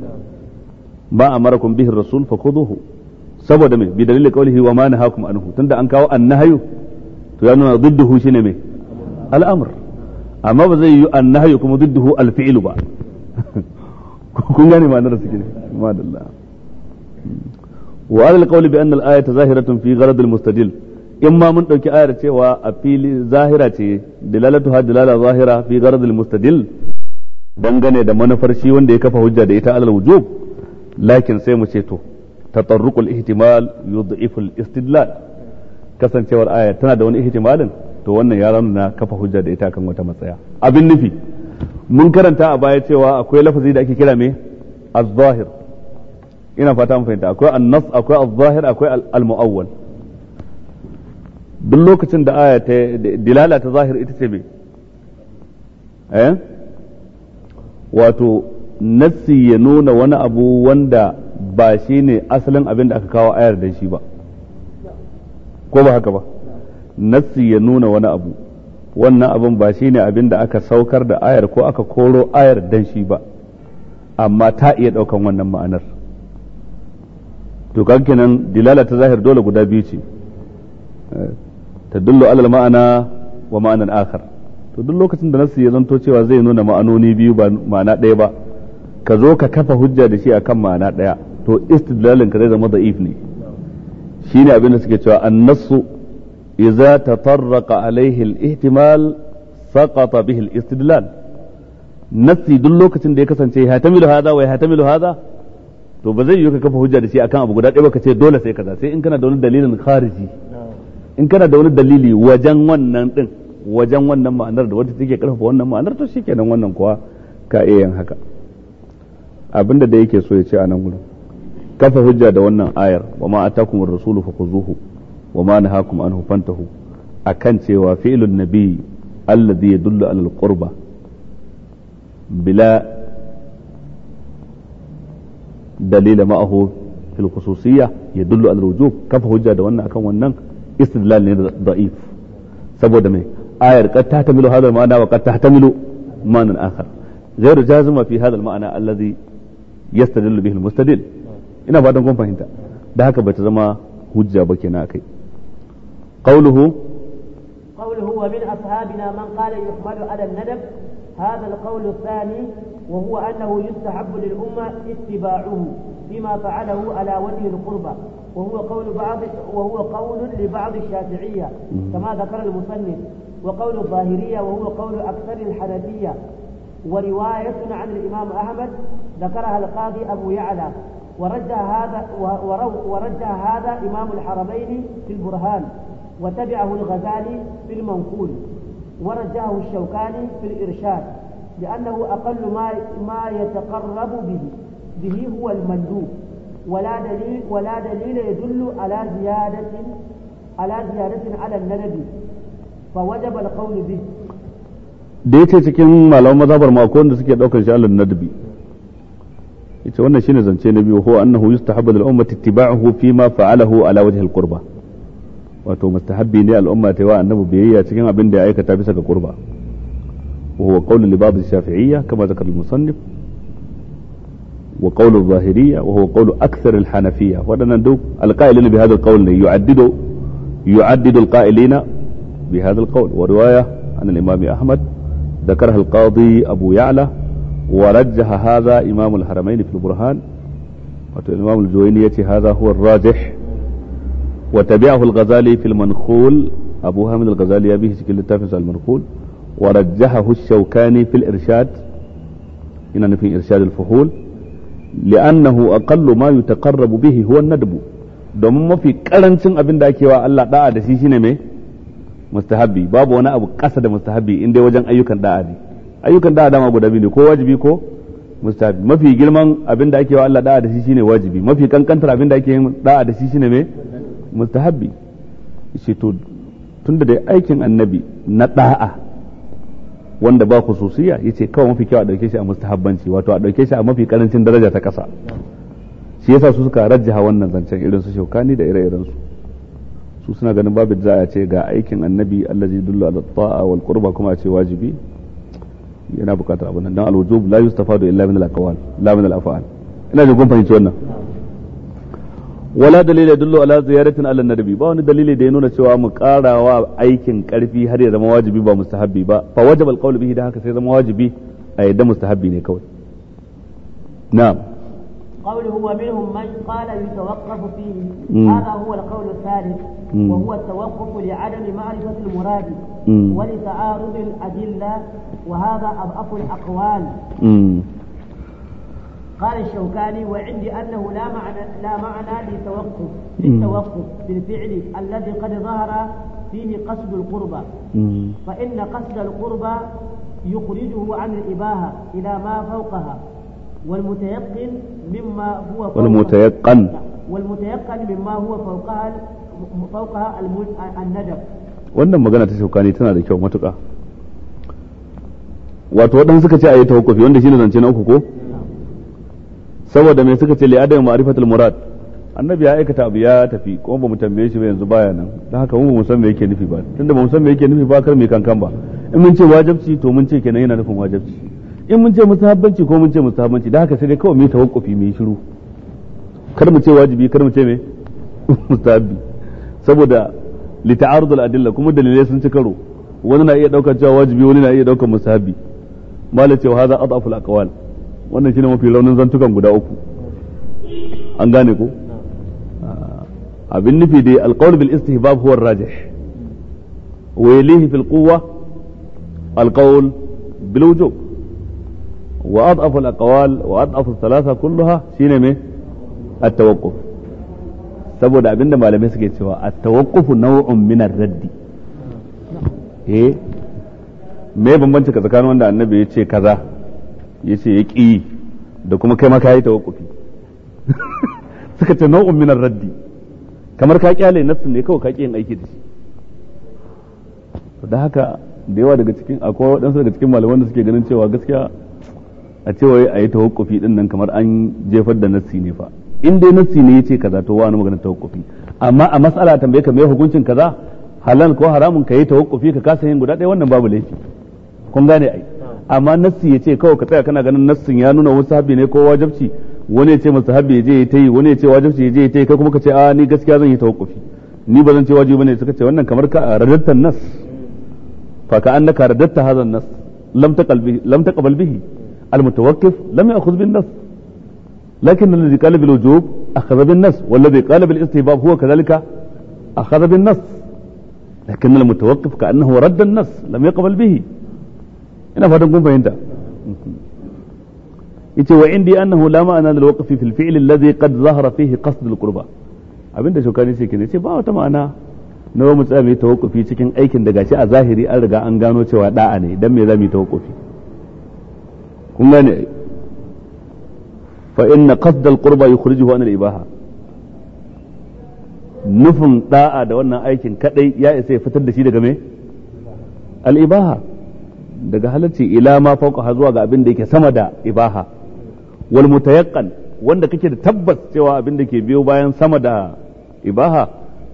ba ma amarakum bihi rasul fakhuduhu saboda mai bi dalili qawlihi wa ma nahakum anhu tunda an kawo annahyu to ya nuna dudduhu shine mai al'amr amma ba zai yi annahyu kuma dudduhu al-fi'lu ba kun gane ma'anar su ne madalla wa alal qawli bi anna al-ayata zahiratun fi gharad al-mustadil in ma mun dauki ayar cewa a fili zahira ce dilalatu ha dilala zahira fi gharad al-mustadil dangane da manufar shi wanda ya kafa hujja da ita alal wujub lakin sai mu ce to tatarruqul ihtimal yud'ifu al-istidlal kasancewar aya tana da wani ihtimalin to wannan ya na kafa hujja da ita kan wata matsaya abin nufi mun karanta a baya cewa akwai lafazi da ake kira me az-zahir ina fata mun fahimta akwai an-nas akwai az-zahir akwai al-mu'awwal duk lokacin da aya ta dilala ta zahir ita ce me eh wato nassi ya nuna wani abu wanda ba shi ne asalin abin da aka kawo ayar da shi ba ko ba haka ba nassi ya nuna wani abu wannan abin ba shi ne abin da aka saukar da ayar ko aka koro ayar dan shi ba amma ta iya ɗaukan wannan ma'anar to kenan dilala ta zahir dole guda biyu ce ta dullo alal ma'ana wa ma'anan akar to duk lokacin da nassi ya zanto cewa zai nuna ma'anoni biyu ba ma'ana ɗaya ba ka zo ka kafa hujja da shi a kan ma'ana ɗaya. to istidlalin ka zai zama da ne shi ne abinda suke cewa annasu idza tatarraqa alaihi al-ihtimal saqata bihi al-istidlal nasi duk lokacin da ya kasance ya milu haza wa ya milu haza to ba zai yi ka kafa hujja da shi akan abu guda ɗaya ba ka ce dole sai kaza sai in kana da wani dalilin khariji in kana da wani dalili wajen wannan din wajen wannan ma'anar da wanda take karfafa wannan ma'anar to shikenan wannan kuwa ka iya yin haka abinda da yake so ya ce a nan gudu kafa hujja da wannan ayar wa ma atakum ar-rasulu fakhuzuhu wa ma nahakum anhu fantahu akan cewa fi'lun nabi alladhi yadullu ala al-qurba bila dalila ma'ahu fil khususiyya yadullu ala al-wujub kafa hujja da wannan akan wannan istidlal ne da'if saboda mai ayar qad tahtamilu hadha al-ma'na wa qad ma'nan غير جازم في هذا المعنى الذي yastadillu bihi almustadil ina ba dan kun fahimta da haka bata zama hujja ba kenan akai qawluhu qawluhu wa min ashabina man qala yuhmalu ala an-nadab هذا القول الثاني وهو أنه يستحب للأمة اتباعه فيما فعله على وجه القربة وهو قول بعض وهو قول لبعض الشافعية كما ذكر المصنف وقول الظاهرية وهو قول أكثر الحنفية ورواية عن الإمام أحمد ذكرها القاضي أبو يعلى ورجع هذا ورجع هذا إمام الحرمين في البرهان وتبعه الغزالي في المنقول ورجاه الشوكاني في الإرشاد لأنه أقل ما ما يتقرب به به هو المندوب ولا دليل ولا دليل يدل على زيادة على زيادة على الندب فوجب القول به da yace cikin malaman mazhabar ma akwai wanda suke daukar shi alal nadbi yace wannan shine zance na biyu ko annahu yustahabbu lil ummati ittiba'uhu fi ma fa'alahu ala wajhi al qurba wato mustahabbi ne al umma ta wa annabi biyayya cikin abin da ya aikata bisa ga qurba wa huwa qawlu li ba'd shafi'iyya kama zakar al musannif wa qawlu zahiriyya wa huwa qawlu akthar al hanafiyya wadannan duk al qa'ilina bi hadha al qawl yu'addidu yu'addidu al qa'ilina bi hadha al qawl wa riwaya an al imam ahmad ذكرها القاضي أبو يعلى ورجح هذا إمام الحرمين في البرهان الإمام الجويني هذا هو الراجح وتبعه الغزالي في المنخول أبو هامد الغزالي به شكل التافز المنخول ورجحه الشوكاني في الإرشاد إن في إرشاد الفحول لأنه أقل ما يتقرب به هو الندب دوم في karancin أبن داكي وألا wa Allah da'a mustahabbi babu wani abu kasa da mustahabbi in dai wajen ayyukan da'a ne ayyukan da'a dama guda biyu ne ko wajibi ko mustahabbi mafi girman abin da ake wa Allah da'a da shi shine wajibi mafi kankantar abin da ake yin da'a da shi shine me mustahabbi shi to tunda dai aikin annabi na da'a wanda ba khususiyya yace kawai mafi kyau a dauke shi a mustahabbanci wato a dauke shi a mafi karancin daraja ta ƙasa shi yasa su suka rajjaha wannan zancen irin su shaukani da ire-iren su su suna ganin babu za a ce ga aikin annabi allazi dullu ala ta'a wal qurba kuma a ce wajibi yana bukatar abin nan dan wujub la yustafadu illa min al aqwal la min al af'al ina jin kun fahimci wannan wala dalili dullu ala ziyaratin ala nabi ba wani dalili da ya nuna cewa mu karawa aikin karfi har ya zama wajibi ba mustahabbi ba fa wajaba al qawl bihi da haka sai zama wajibi a yadda mustahabbi ne kawai na'am قوله ومنهم من قال يتوقف فيه مم. هذا هو القول الثالث وهو التوقف لعدم معرفة المراد ولتعارض الأدلة وهذا أضعف الأقوال قال الشوكاني وعندي أنه لا معنى لا معنى للتوقف للتوقف بالفعل الذي قد ظهر فيه قصد القربى فإن قصد القربى يخرجه عن الإباهة إلى ما فوقها والمتيقن مما هو فوقها والمتيقن والمتيقن مما هو فوقها فوقها الندب wannan magana ta ne tana da kyau matuƙa wato waɗanda suka ce a yi tawakkufi wanda shine zance na uku ko saboda me suka ce li adam ma'rifatul murad annabi ya aikata abu ya tafi kuma bamu tambaye shi ba yanzu baya nan don haka mu ba mu san me yake nufi ba tunda ba mu san me yake nufi ba kar mu kankan ba in mun ce wajibci to mun ce kenan yana nufin wajibci in mun ce mustahabbanci ko mun ce mustahabbanci da haka sai dai kawai mu yi tawakkufi mu yi shiru kar mu ce wajibi kar mu ce me mustahabbi saboda li ta'arudul adilla kuma dalilai sun ci karo wani na iya daukar cewa wajibi wani na iya daukar mustahabbi malai cewa hadha adaful aqwal wannan shine mafi raunin zantukan guda uku an gane ko ah, abin nufi dai alqawl bil istihbab huwa ar-rajih wa yalihi fil quwwa alqawl bil wujub wa adhafu al-aqwal wa adhafu thalatha kulluha shine me at-tawaqquf saboda abinda malamai suke cewa a tawaqquf naw'un min ar-raddi eh me bambanci ka tsakanin wanda annabi ya ce kaza ya ce ya ƙi da kuma kai ma ka yi tawakkufi suka ce nau'un minar raddi kamar ka kyale nassu ne kawai ka ƙi yin aiki da shi da haka da yawa daga cikin akwai waɗansu daga cikin malaman da suke ganin cewa gaskiya a cewa a yi tawakkufi din nan kamar an jefar da nassi ne fa in dai nassi ne yace kaza to wani magana tawakkufi amma a mas'ala tambaye ka me hukuncin kaza halal ko haramun ka yi tawakkufi ka kasa yin guda ɗaya wannan babu laifi kun gane ai amma nassi yace kawai ka tsaya kana ganin nassin ya nuna wasu sahabi ne ko wajabci wani ya ce masa ya je ya tayi wani ya ce ya je ya tayi kai kuma ka ce a ah, ni gaskiya zan yi tawakkufi ni ba zan ce wajibi bane suka ce wannan kamar ka radatta nas fa ka annaka radatta hazan nas lam taqal bihi lam taqbal bihi المتوقف لم يأخذ بالنص لكن الذي قال بالوجوب أخذ بالنص والذي قال بالاستهباب هو كذلك أخذ بالنص لكن المتوقف كأنه رد النص لم يقبل به أنا فهذا نقوم انت وعندي أنه لا معنى للوقف في الفعل الذي قد ظهر فيه قصد القربة abin da shukani ce kine ce ba wata ma'ana na wa mu tsaya mai tawakufi cikin aikin da gashi a zahiri kun gane fa inna qasd al qurba yukhrijuhu an al ibaha nufin da'a da wannan aikin kadai ya isa ya fitar da shi daga me al ibaha daga halarci ila ma fauka zuwa ga abin da yake sama da ibaha wal mutayaqqan wanda kake da tabbas cewa abin da ke biyo bayan sama da ibaha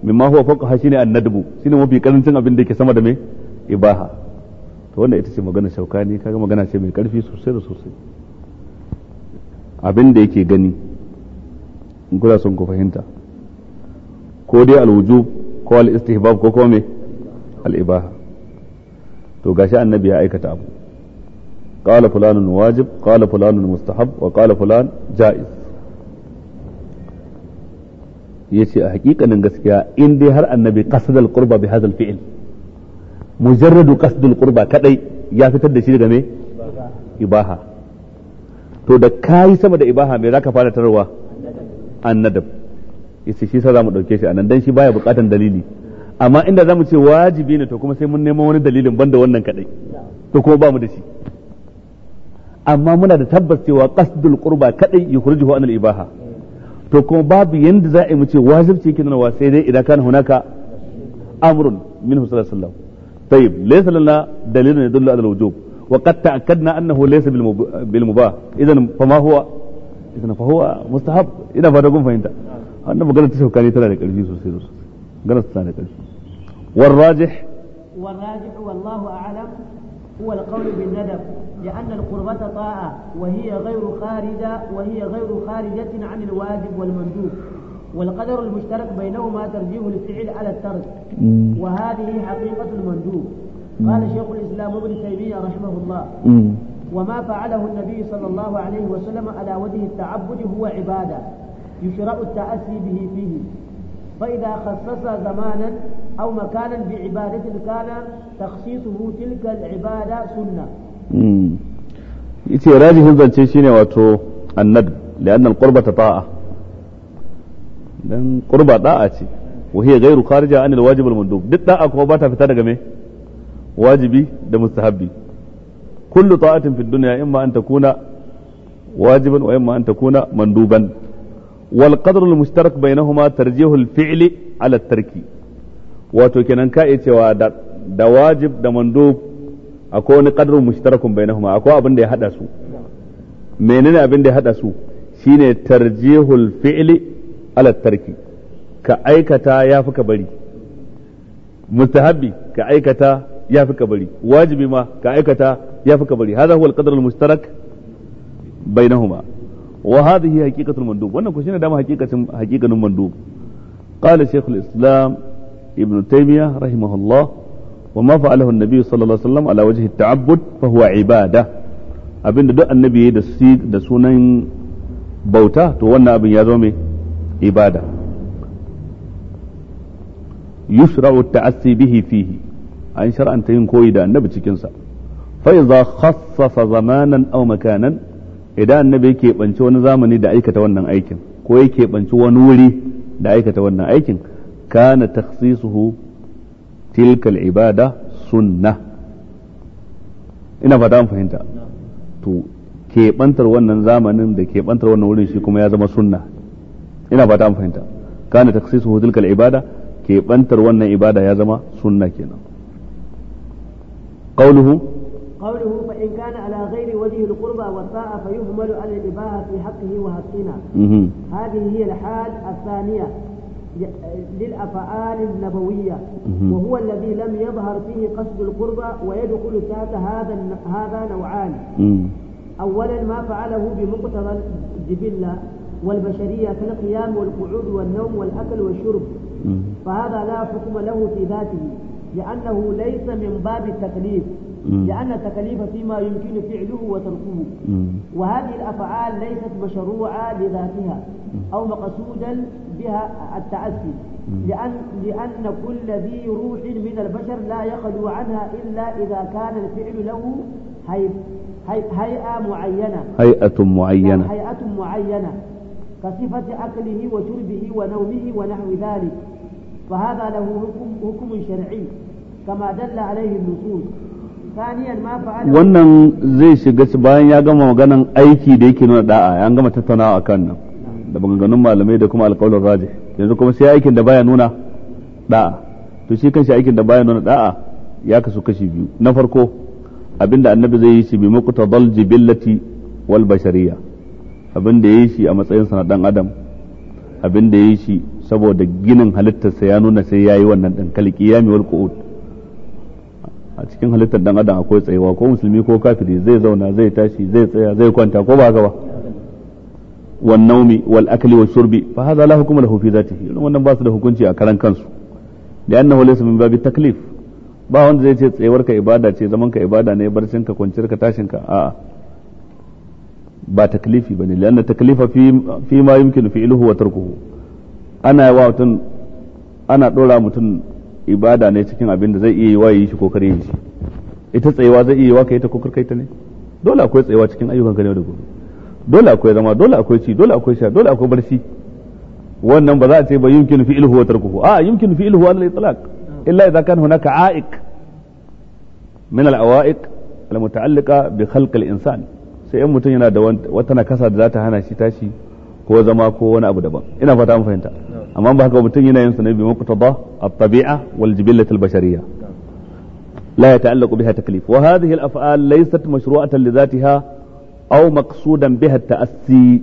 mimma huwa fauka shine an nadbu shine mafi karancin abin da yake sama da me ibaha to wannan ita ce magana shauka ne kaga magana ce mai karfi sosai da sosai abin da yake gani in kuna son ku fahimta ko dai alwuju ko al-istihbab ko kuma me al-ibaha to gashi annabi ya aikata abu qala fulanun wajib qala fulanun mustahab wa qala fulan jaiz yace a hakikanin gaskiya in dai har annabi qasada al-qurba bi hadha al-fi'l mujarradu qasdul qurba kadai ya fitar da shi daga me ibaha to da kayi sama da ibaha me zaka fara tarwa annadab yace shi sa zamu dauke shi anan dan shi baya bukatan dalili amma inda zamu ce wajibi ne to kuma sai mun neman wani dalilin banda wannan kadai to kuma ba mu da shi amma muna da tabbas cewa qasdul qurba kadai yukhrijuhu anil ibaha to kuma babu yanda za a yi mu ce wajibci yake nuna sai dai idan kana hunaka amrun minhu sallallahu alaihi wasallam طيب ليس لنا دليل يدل على الوجوب وقد تأكدنا أنه ليس بالمباح إذا فما هو إذا فهو مستحب إذا فاتكم فانت أنا بقول أنت شو كان يتلالك الفيس والسيروس قلت ثاني والراجح والراجح والله أعلم هو القول بالندب لأن القربة طاعة وهي غير خارجة وهي غير خارجة عن الواجب والمندوب والقدر المشترك بينهما ترجيح الفعل على الترك وهذه حقيقة المندوب قال شيخ الإسلام ابن تيمية رحمه الله وما فعله النبي صلى الله عليه وسلم على وجه التعبد هو عبادة يشرع التأسي به فيه فإذا خصص زمانا أو مكانا بعبادة كان تخصيصه تلك العبادة سنة يتي راجه زنتي واتو الندب لأن القربة طاعة dan qurba da'a ce wa hiya ghairu kharija an wajib al-mandub duk da'a kuma ba ta fita daga me wajibi da mustahabbi kullu ta'atin fi dunya imma an takuna wajiban wa imma an takuna manduban wal qadru al-mushtarak bainahuma tarjihu al-fi'li ala al tarki wato kenan ka cewa da da wajib da mandub akwai wani qadrun mushtarakun bainahuma akwai abin da ya hada su menene abin da ya hada su shine tarjihul fi'li ala ka aikata ya fi ka bari mustahabbi ka aikata ya fi ka bari wajibi ma ka aikata ya fi ka bari hadha huwa al-qadr mushtarak bainahuma wa hadhihi haqiqatul mandub wannan ko shine dama haqiqatin haqiqanin mandub qala shaykh al-islam ibn taymiyah rahimahullah وما فعله sallallahu alaihi الله عليه وسلم على وجه التعبد فهو عبادة abinda duk annabi ya da sunan bauta to wannan abin ya zo mai ibada yusra ta'assi bihi fihi an shar'anta yin koyi da annabi cikinsa sa fa idza khassasa zamanan aw idan annabi yake bance wani zamani da aikata wannan aikin ko yake bance wani wuri da aikata wannan aikin kana takhsisuhu tilkal ibada sunnah ina fata fahimta to keɓantar wannan zamanin da keɓantar wannan wurin shi kuma ya zama sunna ina ba ta an fahimta kana taksisuhu tilkal ibada ke bantar wannan ibada ya zama sunna kenan qawluhu قوله فإن كان على غير وجه القربى والطاعة فيهمل على الإباحة في حقه وحقنا هذه هي الحال الثانية للأفعال النبوية وهو الذي لم يظهر فيه قصد القربى ويدخل تحت هذا هذا نوعان أولا ما فعله بمقتضى الجبلة والبشرية كالقيام والقعود والنوم والأكل والشرب فهذا لا حكم له في ذاته لأنه ليس من باب التكليف لأن التكليف فيما يمكن فعله وتركه وهذه الأفعال ليست مشروعة لذاتها أو مقصودا بها التأسي لأن, لأن كل ذي روح من البشر لا يخلو عنها إلا إذا كان الفعل له هيئة معينة هيئة معينة هيئة معينة كصفة أكله وشربه ونومه ونحو ذلك فهذا له حكم, حكم شرعي كما دل عليه النصوص wannan zai shiga bayan ya gama maganan aiki da yake nuna da'a ya gama tattaunawa a kan nan da maganganun malamai da kuma alƙawlin raji yanzu kuma sai aikin da baya nuna da'a to shi kanshi aikin da baya nuna da'a ya kasu kashi biyu na farko abinda annabi zai yi shi bi muqtadal jibillati wal bashariyah abin da ya yi shi a matsayinsa na dan adam abin da ya yi shi saboda ginin halittarsa ya nuna sai ya yi wannan ɗan kalki ya mi walƙo a cikin halittar dan adam akwai tsayuwa ko musulmi ko kafiri zai zauna zai tashi zai tsaya zai kwanta ko ba haka ba wan naumi wal akli wa shurbi fa hadha la hukuma lahu fi zatihi wannan ba su da hukunci a karan kansu da annahu laysa min babi taklif ba wanda zai ce tsayuwar ka ibada ce zaman ka ibada ne barcin ka kwanciyar ka tashin ka a'a ba taklifi bane lianna taklifa fi fi ma fi fi'luhu wa tarkuhu ana yawa mutum ana dora mutum ibada ne cikin abin da zai iya yi wa yi shi ko kare shi ita tsayewa zai iya yi wa kai ta ko kar kai ta ne dole akwai tsayewa cikin ayyukan ka ne da gobe dole akwai zama dole akwai ci dole akwai sha dole akwai barci wannan ba za a ce ba fi fi'luhu wa tarkuhu a yumkinu fi'luhu ala al talaq illa idza kana hunaka a'iq min al-awa'iq al-muta'alliqa bi khalq al-insan sai in mutum yana da wata nakasa da za ta hana shi tashi ko zama ko wani abu daban ina fata mun fahimta amma ba haka mutum yana yin sa ne bi muqtada at-tabi'a wal jibillatil bashariyya لا يتعلق بها تكليف وهذه الأفعال ليست مشروعة لذاتها أو ba a التأسي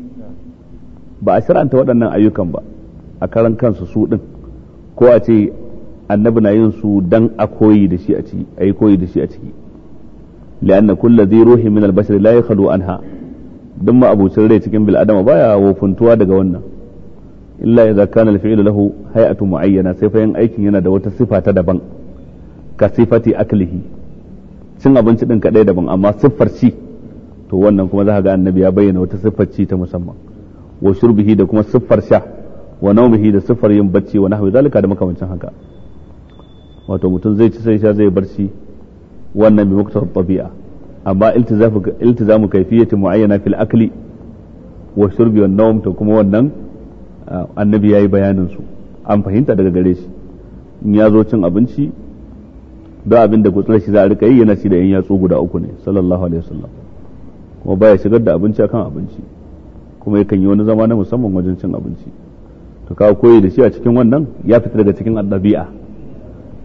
waɗannan ayyukan ba a karan kansu su din ko a ce annabi na yin su dan a koyi da shi a ciki a yi koyi da shi a ciki لأن كل ذي روح من البشر لا يخلو عنها دم أبو سرري تكن بالأدم بايا وفنتوا دقونا إلا إذا كان الفعل له هيئة معينة سيفين أيكي ينادى وتصفة دبن كصفة أكله cin abinci ɗin kaɗai daban amma siffar ci to wannan kuma za ga annabi ya bayyana wata siffar ci ta musamman wa shurbihi da kuma siffar sha wa naumihi da siffar yin bacci wa nahwi zalika da makamancin haka wato mutum zai ci sai sha zai barci wannan bai muktasar tabi'a amma iltizamu kayfiyatin muayyana fil akli wa shurbi wa nawm to kuma wannan ah, annabi yayi bayanin su an fahimta daga gare shi in ya zo cin abinci da abin da gutsar shi za a rika yi yana shi da yan yatsu guda uku ne sallallahu alaihi wasallam kuma baya shigar da abinci akan abinci kuma yakan yi wani zama na musamman wajen cin abinci to kawo koyi da shi a cikin wannan ya fita daga cikin addabi'a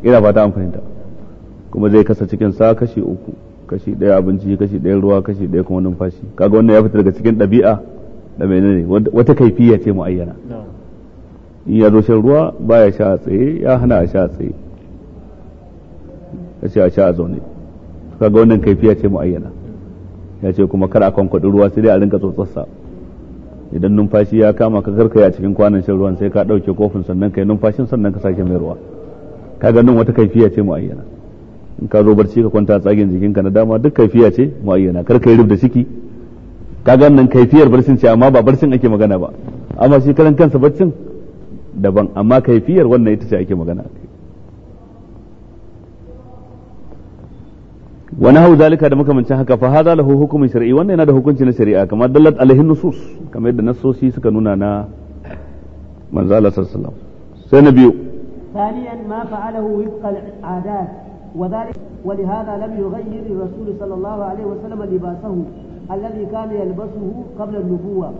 ina fata an fahimta kuma zai kasa cikin sa kashi uku kashi ɗaya abinci kashi ɗaya ruwa kashi ɗaya kuma numfashi kaga wannan ya fita daga cikin ɗabi'a da menene wata kaifiya ce mu ayyana in ya zo shan ruwa baya sha a tsaye ya hana a sha a tsaye ya ce a sha a zaune kaga wannan kaifiya ce mu ayyana ya ce kuma kar a kwankwaɗi ruwa sai dai a rinka tsotsarsa idan numfashi ya kama ka karkaya a cikin kwanan shan ruwan sai ka ɗauke kofin sannan ka yi numfashin sannan ka sake mai ruwa kaga nan wata kaifiya ce mu ayyana. in ka zo barci ka kwanta tsagen jikinka na dama duk kaifiya ce muayyana kar kai da ciki kaga nan kaifiyar barcin ce amma ba barcin ake magana ba amma shi karan kansa barcin daban amma kaifiyar wannan ita ce ake magana wani hau zalika da makamancin haka fa haza lahu hukumin shari'i wannan yana da hukunci na shari'a kamar dallat alaihin nusus kamar yadda nasosi suka nuna na manzo Allah sallallahu alaihi wasallam sai na biyu ثانيا ما فعله وفق العادات وذلك ولهذا لم يغير الرسول صلى الله عليه وسلم لباسه الذي كان يلبسه قبل النبوة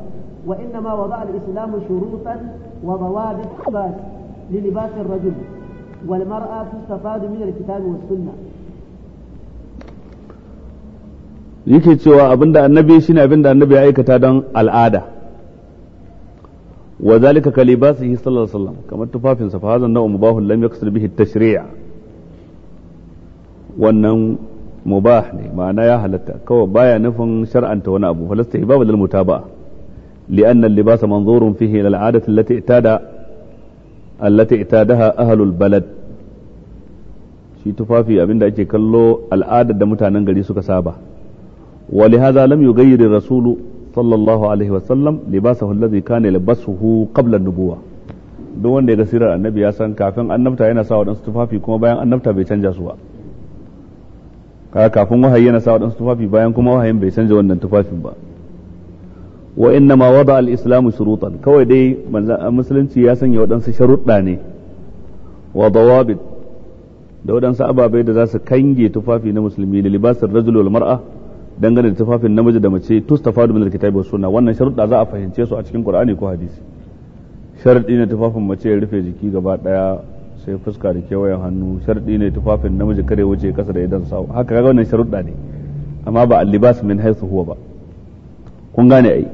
وإنما وضع الإسلام شروطا وضوابط لباس للباس الرجل والمرأة تستفاد من الكتاب والسنة yake cewa abinda annabi shine abinda annabi ya aikata don al'ada wa zalika kalibasihi sallallahu alaihi wasallam kamar tufafinsa fa hazan na'u mubahul lam yaksul bihi tashri'a wannan mubah ne ma'ana ya halatta kawai baya nufin shar'anta wani abu falasta babu lil mutaba li'anna libasa manzurun fihi lil adati allati itada allati itadaha ahlul balad shi tufafi abinda ake kallo al'adar da mutanen gari suka saba ولهذا لم يغير الرسول صلى الله عليه وسلم لباسه الذي كان يلبسه قبل النبوة duk wanda ya ga sirar annabi ya san kafin annabta yana sa wadansu tufafi kuma bayan annabta bai canja su ba kaga kafin wahayi yana sa waɗansu tufafi bayan kuma wahayin bai canza wannan tufafin ba wa inna ma wada al-islamu shurutan kawai dai musulunci ya sanya waɗansu sharuɗa ne wa dawabit da waɗansu ababai da za su kange tufafi na musulmi da libasar rajul wal mar'a dangane da tufafin namiji da mace tustafadu min al-kitabi was sunna wannan sharuɗa za a fahince su a cikin qur'ani ko hadisi sharuɗi ne tufafin mace ya rufe jiki gaba daya sai fuska da kewayen hannu sharɗi ne tufafin namiji kare wuce kasa da idan sawu haka kaga wannan sharuɗa ne amma ba al-libas min haythu huwa ba kun gane ai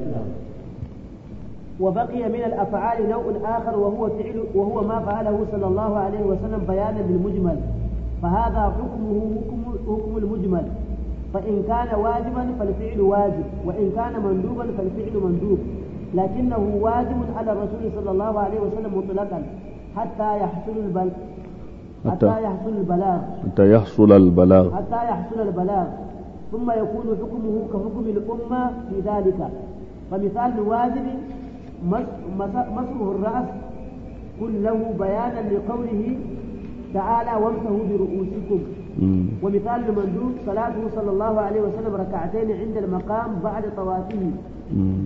وبقي من الافعال نوع اخر وهو فعل وهو ما فعله صلى الله عليه وسلم بيانا للمجمل فهذا حكمه حكم حكم المجمل فان كان واجبا فالفعل واجب وان كان مندوبا فالفعل مندوب لكنه واجب على الرسول صلى الله عليه وسلم مطلقا حتى يحصل البلاغ حتى, يحصل البلاغ حتى يحصل البلاغ حتى يحصل البلاغ ثم يكون حكمه كحكم الأمة في ذلك فمثال الواجب مسره الرأس كن له بيانا لقوله تعالى وامسحوا برؤوسكم ومثال المندوب صلاته صلى الله عليه وسلم ركعتين عند المقام بعد طوافه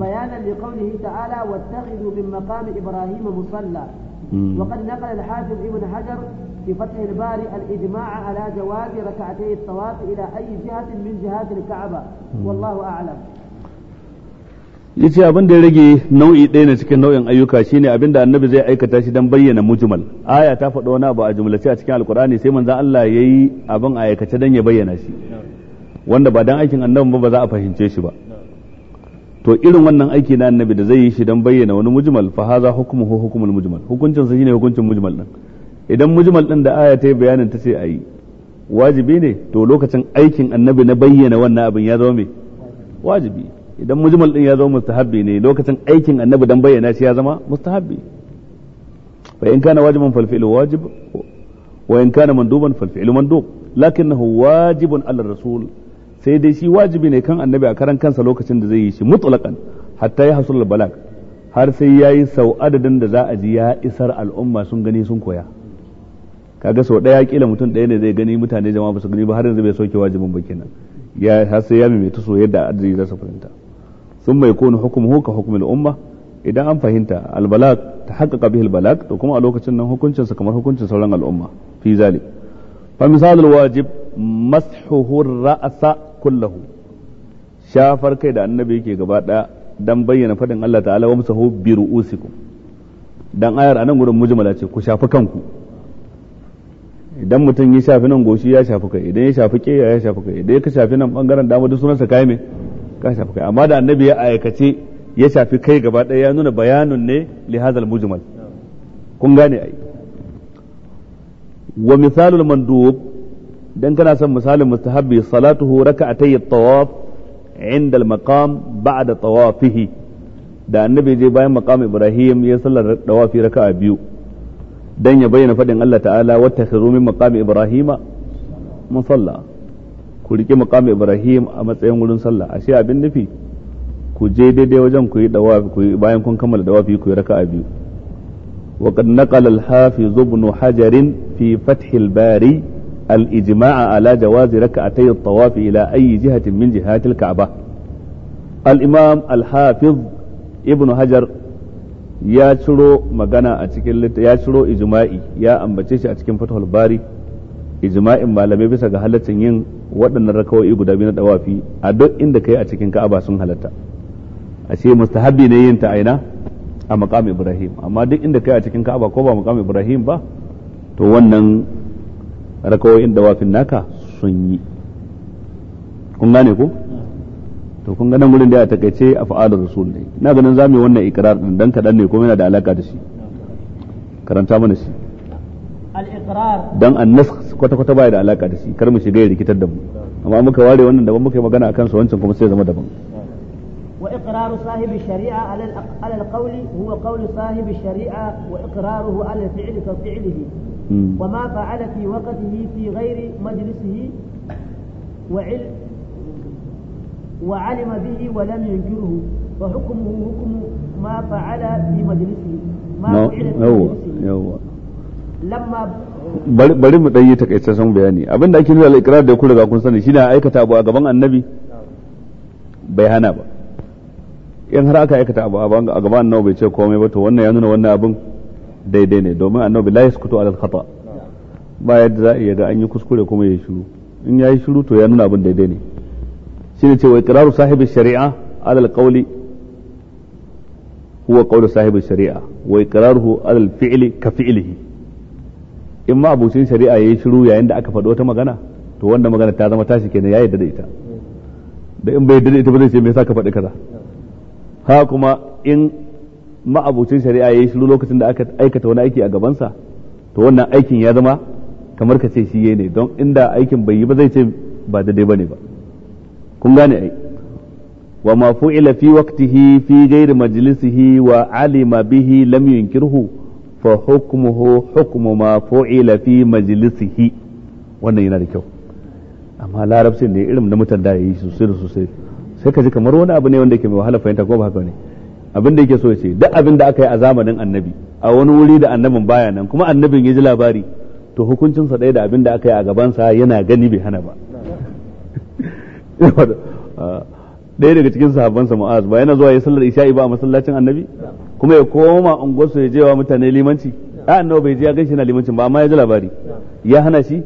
بيانا لقوله تعالى واتخذوا من مقام إبراهيم مصلى وقد نقل الحافظ ابن حجر في فتح الباري الإجماع على جواز ركعتي الطواف إلى أي جهة من جهات الكعبة والله أعلم yace abin da ya rage nau'i ɗaya na cikin nau'in ayyuka shine abin da annabi zai aikata shi don bayyana mujmal aya ta faɗo wani abu a jumlace a cikin alkur'ani sai manzo Allah yayi abin a aikace don ya bayyana shi wanda ba dan aikin annabi ba za a fahimce shi ba to irin wannan aiki na annabi da zai yi shi don bayyana wani mujmal fa haza hukmuhu hukmul mujmal hukuncin sa shine hukuncin mujmal din idan mujmal din da aya ta yi bayanin ta ce ayi wajibi ne to lokacin aikin annabi na bayyana wannan abin ya zama me wajibi idan mujmal din ya zama mustahabbi ne lokacin aikin annabi dan bayyana shi ya zama mustahabbi fa in kana wajiban fal fi'lu wajib wa in kana manduban fal fi'lu mandub lakinnahu wajibun ala rasul sai dai shi wajibi ne kan annabi a karan kansa lokacin da zai yi shi mutlaqan hatta ya hasul balag har sai yayi sau adadin da za a ji ya isar al'umma sun gani sun koya kaga sau daya kila mutum daya ne zai gani mutane jama'a ba su gani ba har yanzu bai soke wajibin ba kenan ya har sai ya maimaita so yadda adadi za su fahimta sun mai kunu ka hukumul umma idan an fahimta albalag ta haƙaƙa bihil balag to kuma a lokacin nan hukuncinsa kamar hukuncin sauran al'umma fi zalik fa misalul wajib mashuhu ra'asa kullahu shafar kai da annabi yake gaba daya dan bayyana fadin Allah ta'ala wa musahu bi ru'usikum dan ayar anan gurin mujmala ce ku shafi kanku idan mutum ya shafi nan goshi ya shafi kai idan ya shafi keya ya shafi kai idan ya shafi nan bangaren dama duk sunansa kai me ka shafi kai amma da annabi ya aikace ya shafi kai gaba daya ya nuna bayanun ne li hadal mujmal kun gane ai wa misalul mandub dan kana son misalin mustahabbi salatuhu raka'atay at-tawaf inda al-maqam ba'da tawafihi da annabi je bayan maqam Ibrahim ya sallar tawafi raka'a biyu dan ya bayyana fadin Allah ta'ala wattakhiru min maqam ibrahima musalla ku rike maqam Ibrahim a matsayin wurin sallah ashe abin nufi ku je daidai wajen ku yi dawafi ku bayan kun kammala dawafi ku yi raka'a biyu وقد نقل الحافظ ابن حجر في فتح الباري الإجماع على جواز ركعتي tawafi إلى أي جهة من جهات الكعبة الإمام الحافظ ابن حجر ya ciro magana a cikin ya ciro ijma'i ya ambace shi a cikin fatahul bari ijma'in malamai bisa ga halaccin yin waɗannan rakawoyi guda biyu na dawafi a duk inda kai a cikin ka'aba sun halatta ashe mustahabi ne yin ta aina a maqam ibrahim amma duk inda kai a cikin ka'aba ko ba maqam ibrahim ba to wannan inda wafin naka sun yi kun gane ko to kun ganin gurin da ya takaice a fa'adar rasul ne ina ganin zamu yi wannan ikrar din dan kadan ne kuma yana da alaka da shi karanta mana shi al-iqrar dan an-nasakh kwata kwata bai da alaka da shi kar mu shiga rikitar da mu amma muka ware wannan daban muka yi magana akan sa wancan kuma sai zama daban shari'a صاحب الشريعة huwa على القول shari'a قول wa الشريعة وإقراره fili الفعل fi'lihi Mm. وما فعل في وقته في غير مجلسه وعلم وعلم به ولم ينكره فحكمه حكم ما فعل في مجلسه ما فعل في مجلسه لما bari bari mu dan yi takaitaccen bayani abin da ake nuna al-iqrar da ku riga kun sani shine aikata abu a gaban annabi bai hana ba in har aka aikata abu a gaban annabi bai ce komai ba to wannan ya nuna wannan abin daidai ne domin annabi la yaskutu alal khata ba yadda za a iya ga an yi kuskure kuma ya shiru in ya yi shiru to ya nuna abin daidai ne ce wa iqraru sahibi shari'a alal qawli huwa qawlu sahibi shari'a wa iqraruhu alal fi'li ka fi'lihi in ma abucin shari'a yayi shiru yayin da aka faɗo wata magana to wanda magana ta zama tashi kenan ya yarda da ita da in bai yarda da ita ba zai ce me yasa ka faɗi kaza ha kuma in ma'abucin shari'a ya yi shiru lokacin da aka aikata wani aiki a gabansa to wannan aikin ya zama kamar ka ce shi ya ne don inda aikin bai yi ba zai ce ba daidai ne ba kun gane ai wa ma fu'ila fi waqtihi fi ghairi majlisihi wa alima bihi lam yunkirhu fa hukmuhu hukmu ma fu'ila fi majlisihi wannan yana da kyau amma larabcin ne irin na mutan da yayi sosai da sosai sai ka ji kamar wani abu ne wanda ke mai wahala fahimta ko ba haka ne abin da yake so ce duk abin da aka yi a zamanin annabi a wani wuri da annabin baya nan kuma annabin ya ji labari to hukuncinsa ɗaya da abin da aka yi a gabansa yana gani bai hana ba ɗaya daga cikin sahabbansa mu'az ba yana zuwa ya sallar isha'i ba a masallacin annabi kuma ya koma unguwarsu ya je wa mutane limanci a annabi bai je ya shi na limancin ba amma ya ji labari ya hana shi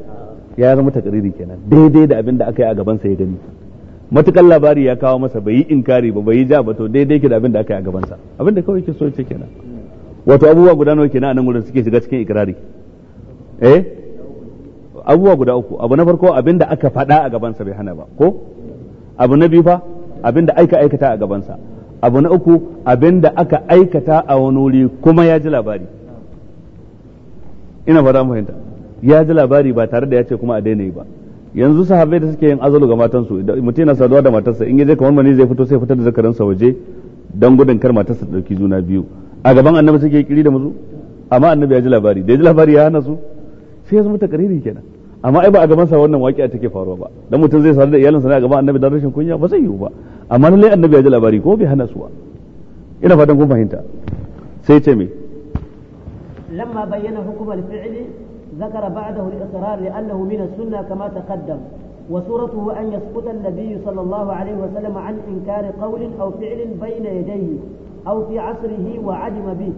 ya zama takariri kenan daidai da abin da aka yi a gabansa ya gani matukan labari ya kawo masa bai yi inkari ba bai yi ja ba to daidai ke da abin da aka yi a gabansa abin da kawai ke so ce kenan wato abubuwa guda nawa kenan a nan gurin suke shiga cikin ikirari eh abubuwa guda uku abu na farko abin da aka faɗa a gabansa bai hana ba ko abu na biyu fa abin da aika aikata a gabansa abu na uku abin da aka aikata a wani wuri kuma ya ji labari ina fara mu fahimta ya ji labari ba tare da ya ce kuma a daina yi ba yanzu sahabbai da suke yin azalu ga matansu da mutum yana saduwa da matarsa in yaje kamar mani zai fito sai fitar da zakaransa waje dan gudun kar matarsa ta dauki juna biyu a gaban annabi suke kiri da mazu amma annabi ya ji labari da ya ji labari ya hana su sai ya zama takariri kenan amma ai ba a gaban sa wannan waƙiya take faruwa ba dan mutum zai sadu da iyalinsa ne a gaban annabi dan rashin kunya ba zai yiwu ba amma lallai annabi ya ji labari ko bai hana su ba ina fatan kun fahimta sai ce me lamma bayyana hukumar fi'li ذكر بعده الإقرار لأنه من السنة كما تقدم وصورته أن يسقط النبي صلى الله عليه وسلم عن إنكار قول أو فعل بين يديه أو في عصره وعدم به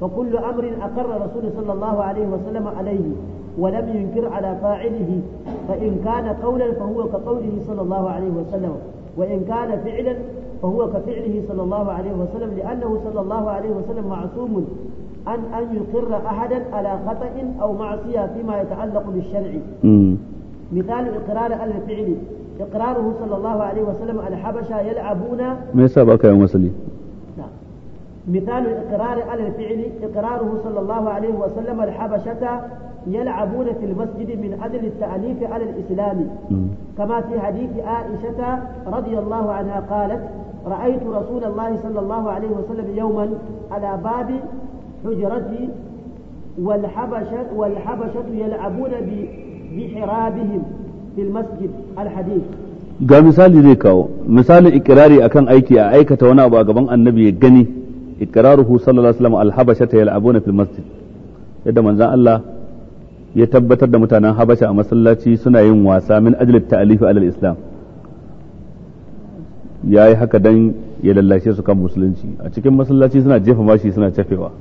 فكل أمر أقر رسول صلى الله عليه وسلم عليه ولم ينكر على فاعله فإن كان قولا فهو كقوله صلى الله عليه وسلم وإن كان فعلا فهو كفعله صلى الله عليه وسلم لأنه صلى الله عليه وسلم معصوم عن أن يقر أحدا على خطأ أو معصية فيما يتعلق بالشرع مثال إقرار الفعل إقراره صلى الله عليه وسلم الحبشة يلعبون ما يسابقك يا مسلي مثال الإقرار على الفعل إقراره صلى الله عليه وسلم الحبشة يلعبون في المسجد من أجل التأليف على الإسلام م. كما في حديث عائشة رضي الله عنها قالت رأيت رسول الله صلى الله عليه وسلم يوما على باب حجرته والحبشة, والحبشة يلعبون بحرابهم في المسجد الحديث ga misali zai kawo misali ikirari akan aiki a aikata wani abu a gaban annabi ya gani ikiraruhu sallallahu alaihi wasallam alhabasha ta yal'abuna fil masjid yadda manzon Allah ya tabbatar da mutanen habasha a masallaci suna yin wasa min ajli ta'alifi alal islam yayi haka dan ya lallashe su kan musulunci a cikin masallaci suna jefa mashi suna cafewa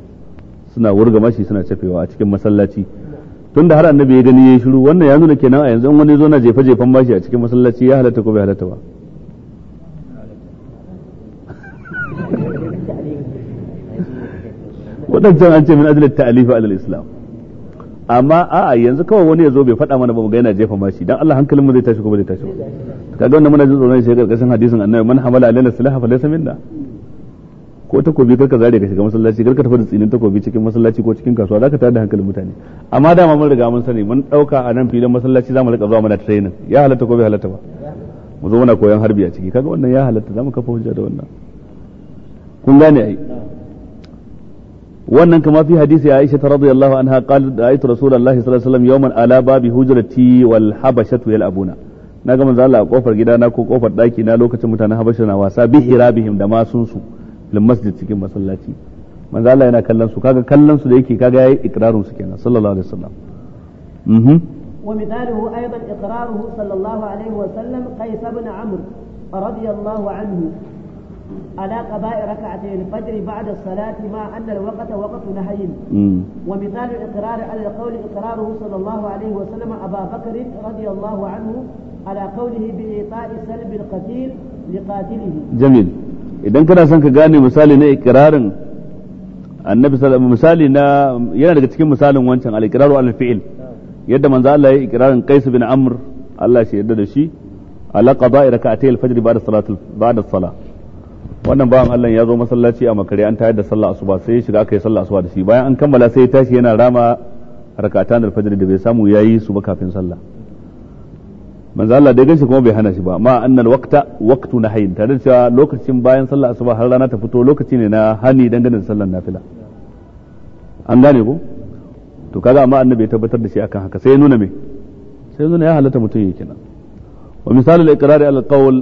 suna wurga mashi suna cafewa a cikin masallaci tunda har annabi ya gani ya yi shiru wannan ya nuna kenan a yanzu wani zo na jefa jefan mashi a cikin masallaci ya halatta ko bai halatta ba waɗancan an ce min ajalar ta'alifa alal islam amma a'a yanzu kawai wani ya zo bai faɗa mana ba mu ga yana jefa mashi dan Allah hankalin mu zai tashi ko ba zai tashi ba kaga wannan muna jin tsoron shi karkashin hadisin annabi man hamala alal silaha laysa minna ko takobi kar ka zare ka shiga masallaci kar ka tafi da tsinin takobi cikin masallaci ko cikin kasuwa zaka tada da hankalin mutane amma dama mun riga mun sani mun dauka a nan filin masallaci zamu rika zuwa mana training ya halatta ko bai halatta ba mu zo muna koyon harbi a ciki kaga wannan ya halatta zamu kafa hujja da wannan kun gane ai wannan kama fi hadisi Aisha ta radiyallahu anha qalat aitu rasulullahi sallallahu alaihi wasallam yawman ala babi hujrati wal habashatu yal'abuna na ga manzo Allah a kofar gidana ko kofar daki na lokacin mutanen Habasha na wasa bi hirabihim da masunsu su lil masjid cikin masallaci manzo Allah yana kallon su kaga kallon su da yake kaga yayi ikrarun su kenan sallallahu alaihi wasallam mhm wa mithaluhu aidan iqraruhu sallallahu alaihi wasallam qais ibn amr radiyallahu anhu على قضاء ركعتي الفجر بعد الصلاة مع أن الوقت وقت نهي ومثال الإقرار على القول إقراره صلى الله عليه وسلم أبا بكر رضي الله عنه على قوله بإعطاء سلب القتيل لقاتله جميل idan kana son ka gane misali na ikirarin annabi misali na yana daga cikin misalin wancan al-iqraru al-fi'l yadda manzo Allah ya ikirarin Qais bin Amr Allah shi yadda da shi ala qada'i rak'atay al-fajr ba'da salatul ba'da salah wannan bawan Allah ya zo masallaci a makare an tayar da sallah asuba sai ya shiga aka yi sallah asuba da shi bayan an kammala sai ya tashi yana rama rak'atan al-fajr da bai samu yayi su ba kafin sallah manzo Allah dai ganshi kuma bai hana shi ba ma annal waqta waqtu nahyin tare da cewa lokacin bayan sallar asuba har rana ta fito lokaci ne na hani dangane da sallar nafila an gane ko to kaga amma annabi ya tabbatar da shi akan haka sai ya nuna me sai ya nuna ya halatta mutum yake kenan wa misalul iqrar al qawl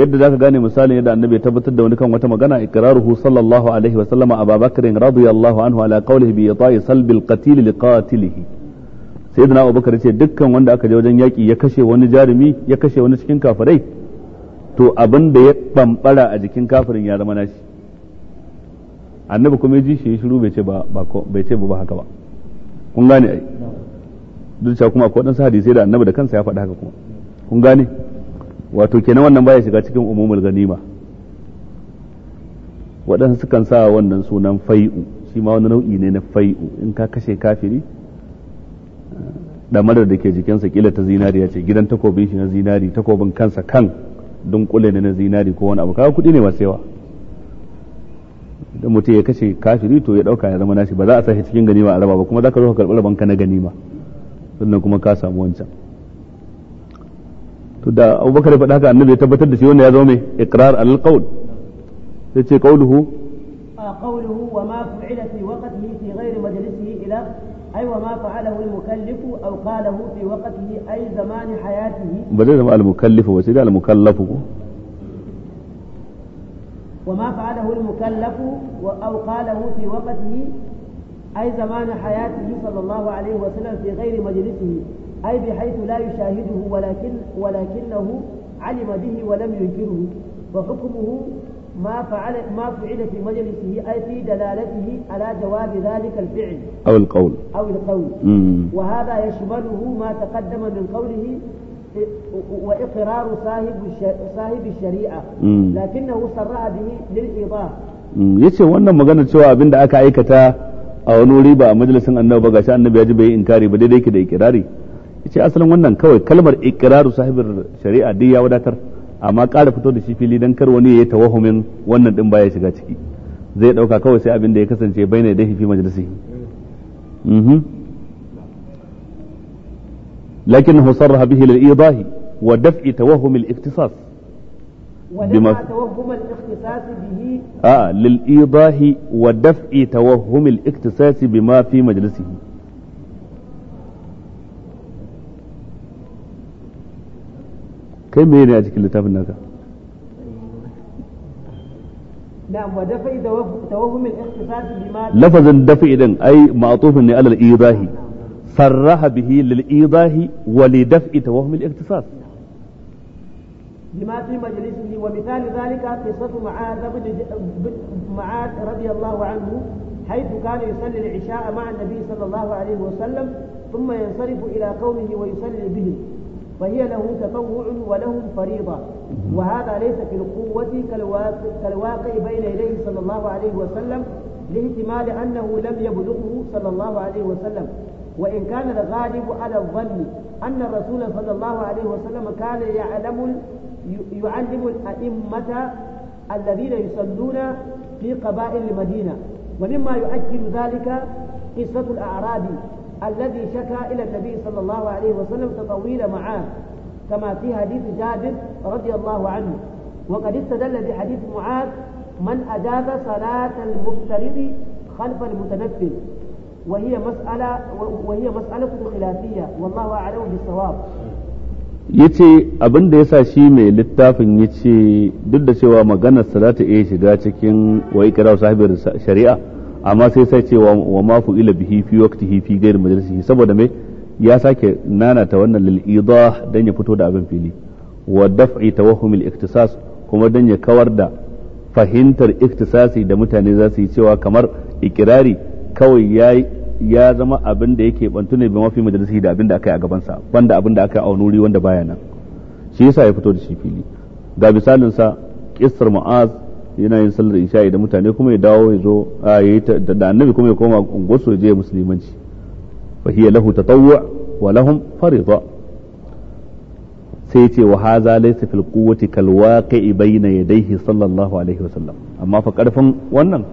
yadda zaka gane misalin yadda annabi ya tabbatar da wani kan wata magana iqraruhu sallallahu alaihi wa sallama abubakar radiyallahu anhu ala qawlihi bi yata'i salbil qatil liqatilihi sai da abubakar ce dukkan wanda aka je wajen yaƙi ya kashe wani jarumi ya kashe wani cikin kafirai to abin da ya bambara a jikin kafirin ya zama nashi annabi kuma ji shi shiru bai ce ba bai ce ba haka ba kun gane ai duk da kuma akwai wadansu hadisi da annabi da kansa ya faɗa haka kuma kun gane wato kenan wannan baya shiga cikin umumul ganima waɗansu sukan sa wannan sunan fai'u shi ma wani nau'i ne na fai'u in ka kashe kafiri damarar da ke jikinsa kila ta zinariya ce gidan takobin shi na zinari takobin kansa kan dunkule ne na zinari ko wani abu kaga kuɗi ne masu yawa da mutum ya kashe kafiri to ya dauka ya zama nashi ba za a sashi cikin ganima a raba ba kuma za ka zo ka karɓi rabanka na ganima sannan kuma ka samu wancan to da abubakar ya faɗa haka annabi ya tabbatar da shi wanda ya zama mai iqrar alal qaul sai ce qauluhu qawluhu wa ma fu'ila fi waqtihi fi ghairi majlisihi ila أي وما فعله المكلف أو قاله في وقته أي زمان حياته بدل ما المكلف على المكلف وما فعله المكلف أو قاله في وقته أي زمان حياته صلى الله عليه وسلم في غير مجلسه أي بحيث لا يشاهده ولكن ولكنه علم به ولم ينكره وحكمه ما فعل ما فعل في مجلسه أي في دلالته على جواب ذلك الفعل أو القول أو القول وهذا يشمله ما تقدم من قوله وإقرار صاحب صاحب الشريعة لكنه صرح به للإيضاح yace wannan magana cewa abin da aka aikata a wani wuri ba a majalisin annabi ba gashi annabi ya ji bai inkari ba daidai ke da ikirari yace asalin wannan kawai kalmar ikraru sahibir shari'a dai ya wadatar amma ƙara fito da shi fili dan kar wani ya tawahumin wannan din baya shiga ciki zai ɗauka kawai sai abin da ya kasance baina da fi majalisi mhm لكنه صرح به للإيضاح ودفع توهم الاختصاص بما توهم الاختصاص به آه للإيضاح ودفع توهم الاختصاص بما في مجلسه كم هي ناجي كل تاب النجا نعم ودفع توهم الاختصاص بما لفظ دفئ إذن أي معطوف إني على الإيضاح نعم. صرح به للإيضاح ولدفع توهم الاختصاص بما في مجلسه ومثال ذلك قصة معاذ بن معاذ رضي الله عنه حيث كان يصلي العشاء مع النبي صلى الله عليه وسلم ثم ينصرف إلى قومه ويصلي بهم فهي له تطوع وله فريضة وهذا ليس في القوة كالواقع بين يديه صلى الله عليه وسلم لاحتمال أنه لم يبلغه صلى الله عليه وسلم وإن كان الغالب على الظن أن الرسول صلى الله عليه وسلم كان يعلم يعلم الأئمة الذين يصلون في قبائل المدينة ومما يؤكد ذلك قصة الأعرابي الذي شكا إلى النبي صلى الله عليه وسلم تطويل معاذ كما في حديث جابر رضي الله عنه وقد استدل بحديث معاذ من أجاب صلاة المفترض خلف المتنفذ وهي مسألة وهي مسألة خلافية والله أعلم بالصواب yace abin da ya sa shi mai littafin ya ce duk da cewa maganar sa za ta iya shiga cikin wa ikirar sahibiyar shari'a amma sai sai ce wa ma ila bihi fi waqtihi fi ghairi majlisihi saboda me ya sake nanata wannan lil idah ya fito da abin fili wa daf'i tawahhum al iktisas kuma dan ya kawar da fahimtar iktisasi da mutane za su yi cewa kamar ikirari kawai ya zama abin da yake bantu ne bi mafi majalisi da abin da aka yi a gabansa banda abin da aka yi a wani wanda baya nan shi yasa ya fito da shi fili ga misalin sa kissar mu'az yana yin sallar isha'i da mutane kuma ya dawo ya zo a yayi da annabi kuma ya koma unguwarsu ya je musulmanci fa hiya lahu tatawwu wa lahum fariḍa sai ce wa haza laysa fil quwwati kal waqi'i bayna yadayhi sallallahu alaihi wa sallam amma fa karfin wannan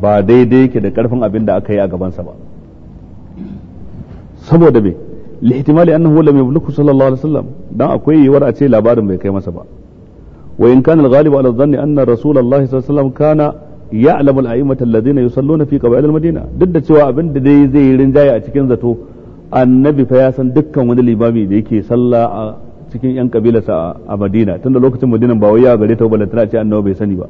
ba daidai yake da karfin abinda aka yi a gabansa ba saboda me lihtimali annahu lam yablughu sallallahu alaihi wa sallam dan akwai yiwuwar a ce labarin bai kai masa ba وإن كان الغالب على الظن أن رسول الله صلى الله عليه وسلم كان يعلم الأئمة الذين يصلون في قبائل المدينة ضد cewa abin da dai zai rinjaya a cikin zato annabi fa ya san dukkan wani limami da yake sallah a cikin yan kabilarsa a Madina tunda lokacin Madinan ba wai ya gare ta balantana ce annabi bai sani ba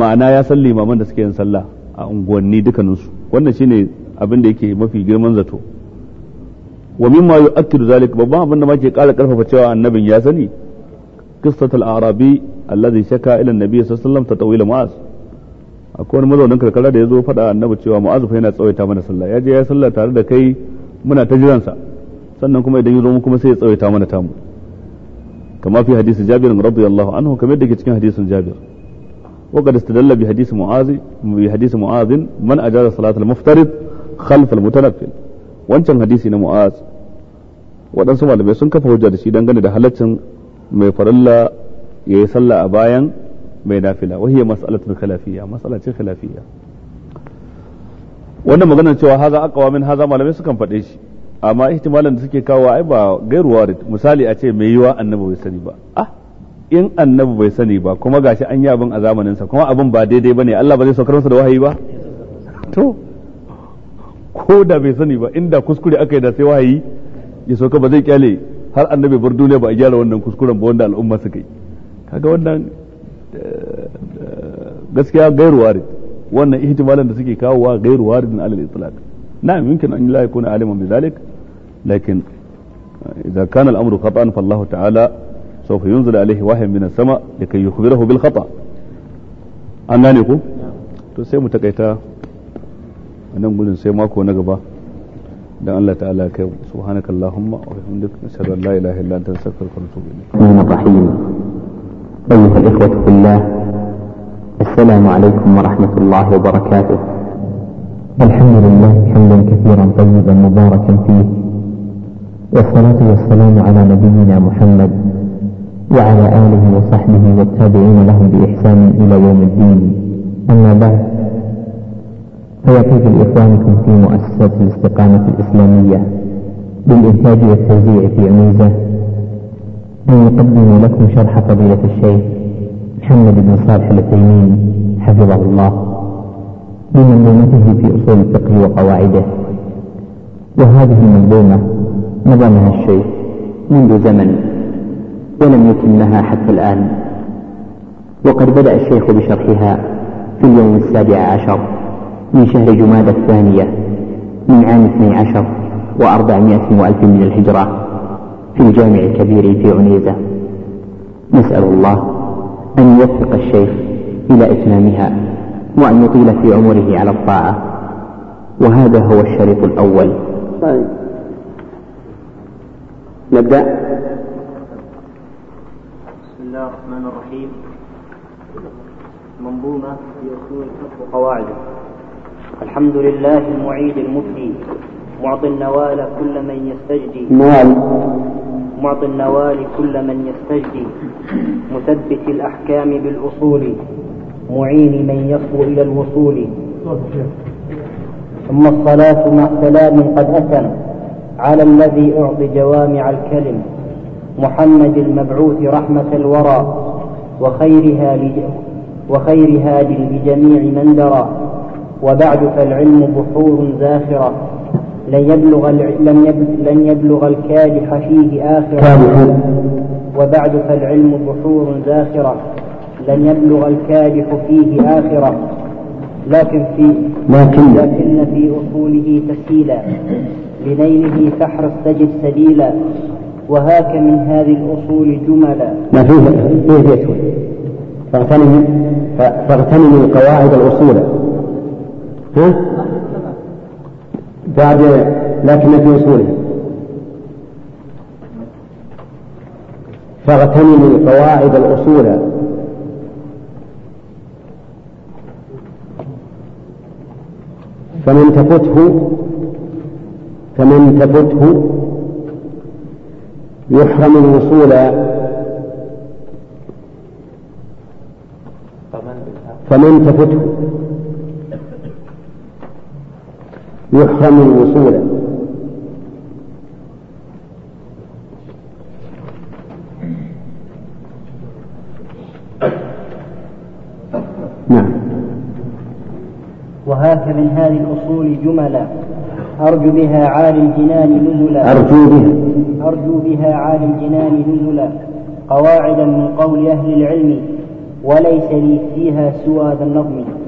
ma'ana ya san limaman da suke yin sallah a unguwanni dukkaninsu wannan shine abin da yake mafi girman zato wa mimma yu'akkidu zalik babban abin da ma ke kara karfafa cewa annabin ya sani قصة الأعرابي الذي شكا إلى النبي صلى الله عليه وسلم تطويل معاذ akwai wani mazaunin karkara da ya zo faɗa annabi cewa mu'azu fa yana tsawaita mana sallah ya je ya sallah tare da kai muna ta jiransa sannan kuma idan ya zo mu kuma sai ya tsawaita mana tamu kama fi hadisi jabir radiyallahu anhu kamar da ke cikin hadisin jabir wa qad istadalla bi hadisi mu'az bi hadisi mu'az man ajara salat al-muftarid khalf al-mutanaffil wancan hadisi na mu'az wadansu malamai sun kafa hujja da shi dangane da halaccin mai farilla ya yi sallah a bayan mai nafila wahiyar mas'alatul khilafiyya mas'ala ce khilafiyya wannan maganar cewa haza akawa min haza malamai sukan faɗe shi amma ihtimalin da suke kawo ai ba gairu warid misali a ce mai yiwa annabi bai sani ba ah in annabi bai sani ba kuma gashi an yi abin a zamanin sa kuma abin ba daidai bane Allah ba zai saukar masa da wahayi ba to ko da bai sani ba inda kuskure aka yi da sai wahayi ya sauka ba zai kyale har annabi bar duniya ba a gyara wannan kuskuren ba wanda al'umma suka yi kaga wannan gaskiya gairu warid wannan ihtimalan da suke kawo kawowa gairu na alal itlaq na'am yumkin an la yakuna aliman zalik lakin idza kana al-amru khata'an fa Allah ta'ala sawfa yunzil alayhi wahyan min as-sama likay yukhbirahu bil khata' an gane ku to sai mu takaita a nan gudun sai mako na gaba dan Allah ta'ala kai subhanakallahumma wa bihamdika nashhadu an la ilaha illa anta astaghfiruka wa atubu ilayk الرحيم. أيها الإخوة في الله السلام عليكم ورحمة الله وبركاته الحمد لله حمدا كثيرا طيبا مباركا فيه والصلاة والسلام على نبينا محمد وعلى آله وصحبه والتابعين لهم بإحسان إلى يوم الدين أما بعد فيفوز إخوانكم في مؤسسة الاستقامة الإسلامية بالإنتاج والتوزيع في عميزة أن يقدم لكم شرح فضيلة الشيخ محمد بن صالح العثيمين حفظه الله بمنظومته في أصول الفقه وقواعده وهذه المنظومة نظمها الشيخ منذ زمن ولم يتمها حتى الآن وقد بدأ الشيخ بشرحها في اليوم السابع عشر من شهر جمادة الثانية من عام 12 وأربعمائة وألف من الهجرة في الجامع الكبير في عنيزة نسأل الله أن يوفق الشيخ إلى إتمامها وأن يطيل في عمره على الطاعة وهذا هو الشريط الأول طيب نبدأ بسم الله الرحمن الرحيم منظومة في أصول الفقه وقواعده الحمد لله المعيد المبدي معطي النوال كل من يستجدي نوال نعم. معطي النوال كل من يستجدي مثبت الأحكام بالأصول معين من يصبو إلى الوصول ثم الصلاة مع سلام قد أتم على الذي أعطي جوامع الكلم محمد المبعوث رحمة الورى وخيرها وخير بجميع من درى وبعد فالعلم بحور زاخرة لن يبلغ لن يبلغ, لن يبلغ الكادح فيه آخرة وبعد فالعلم بحور زاخرة لن يبلغ الكادح فيه آخرة لكن في لكن, لكن في أصوله تسهيلا لنيله فاحرص تجد سبيلا وهاك من هذه الأصول جملا ما فيه فيه فاغتنم فاغتنم القواعد الأصول ها؟ بعد لكن في أصوله فاغتنموا قواعد الأصول فمن تفته فمن تفته يحرم الوصول فمن تفته يحرم الوصول نعم وهاك من هذه الأصول جملا أرجو بها عالي الجنان نزلا أرجو بها أرجو بها عالي الجنان نزلا قواعدا من قول أهل العلم وليس لي فيها سوى ذا النظم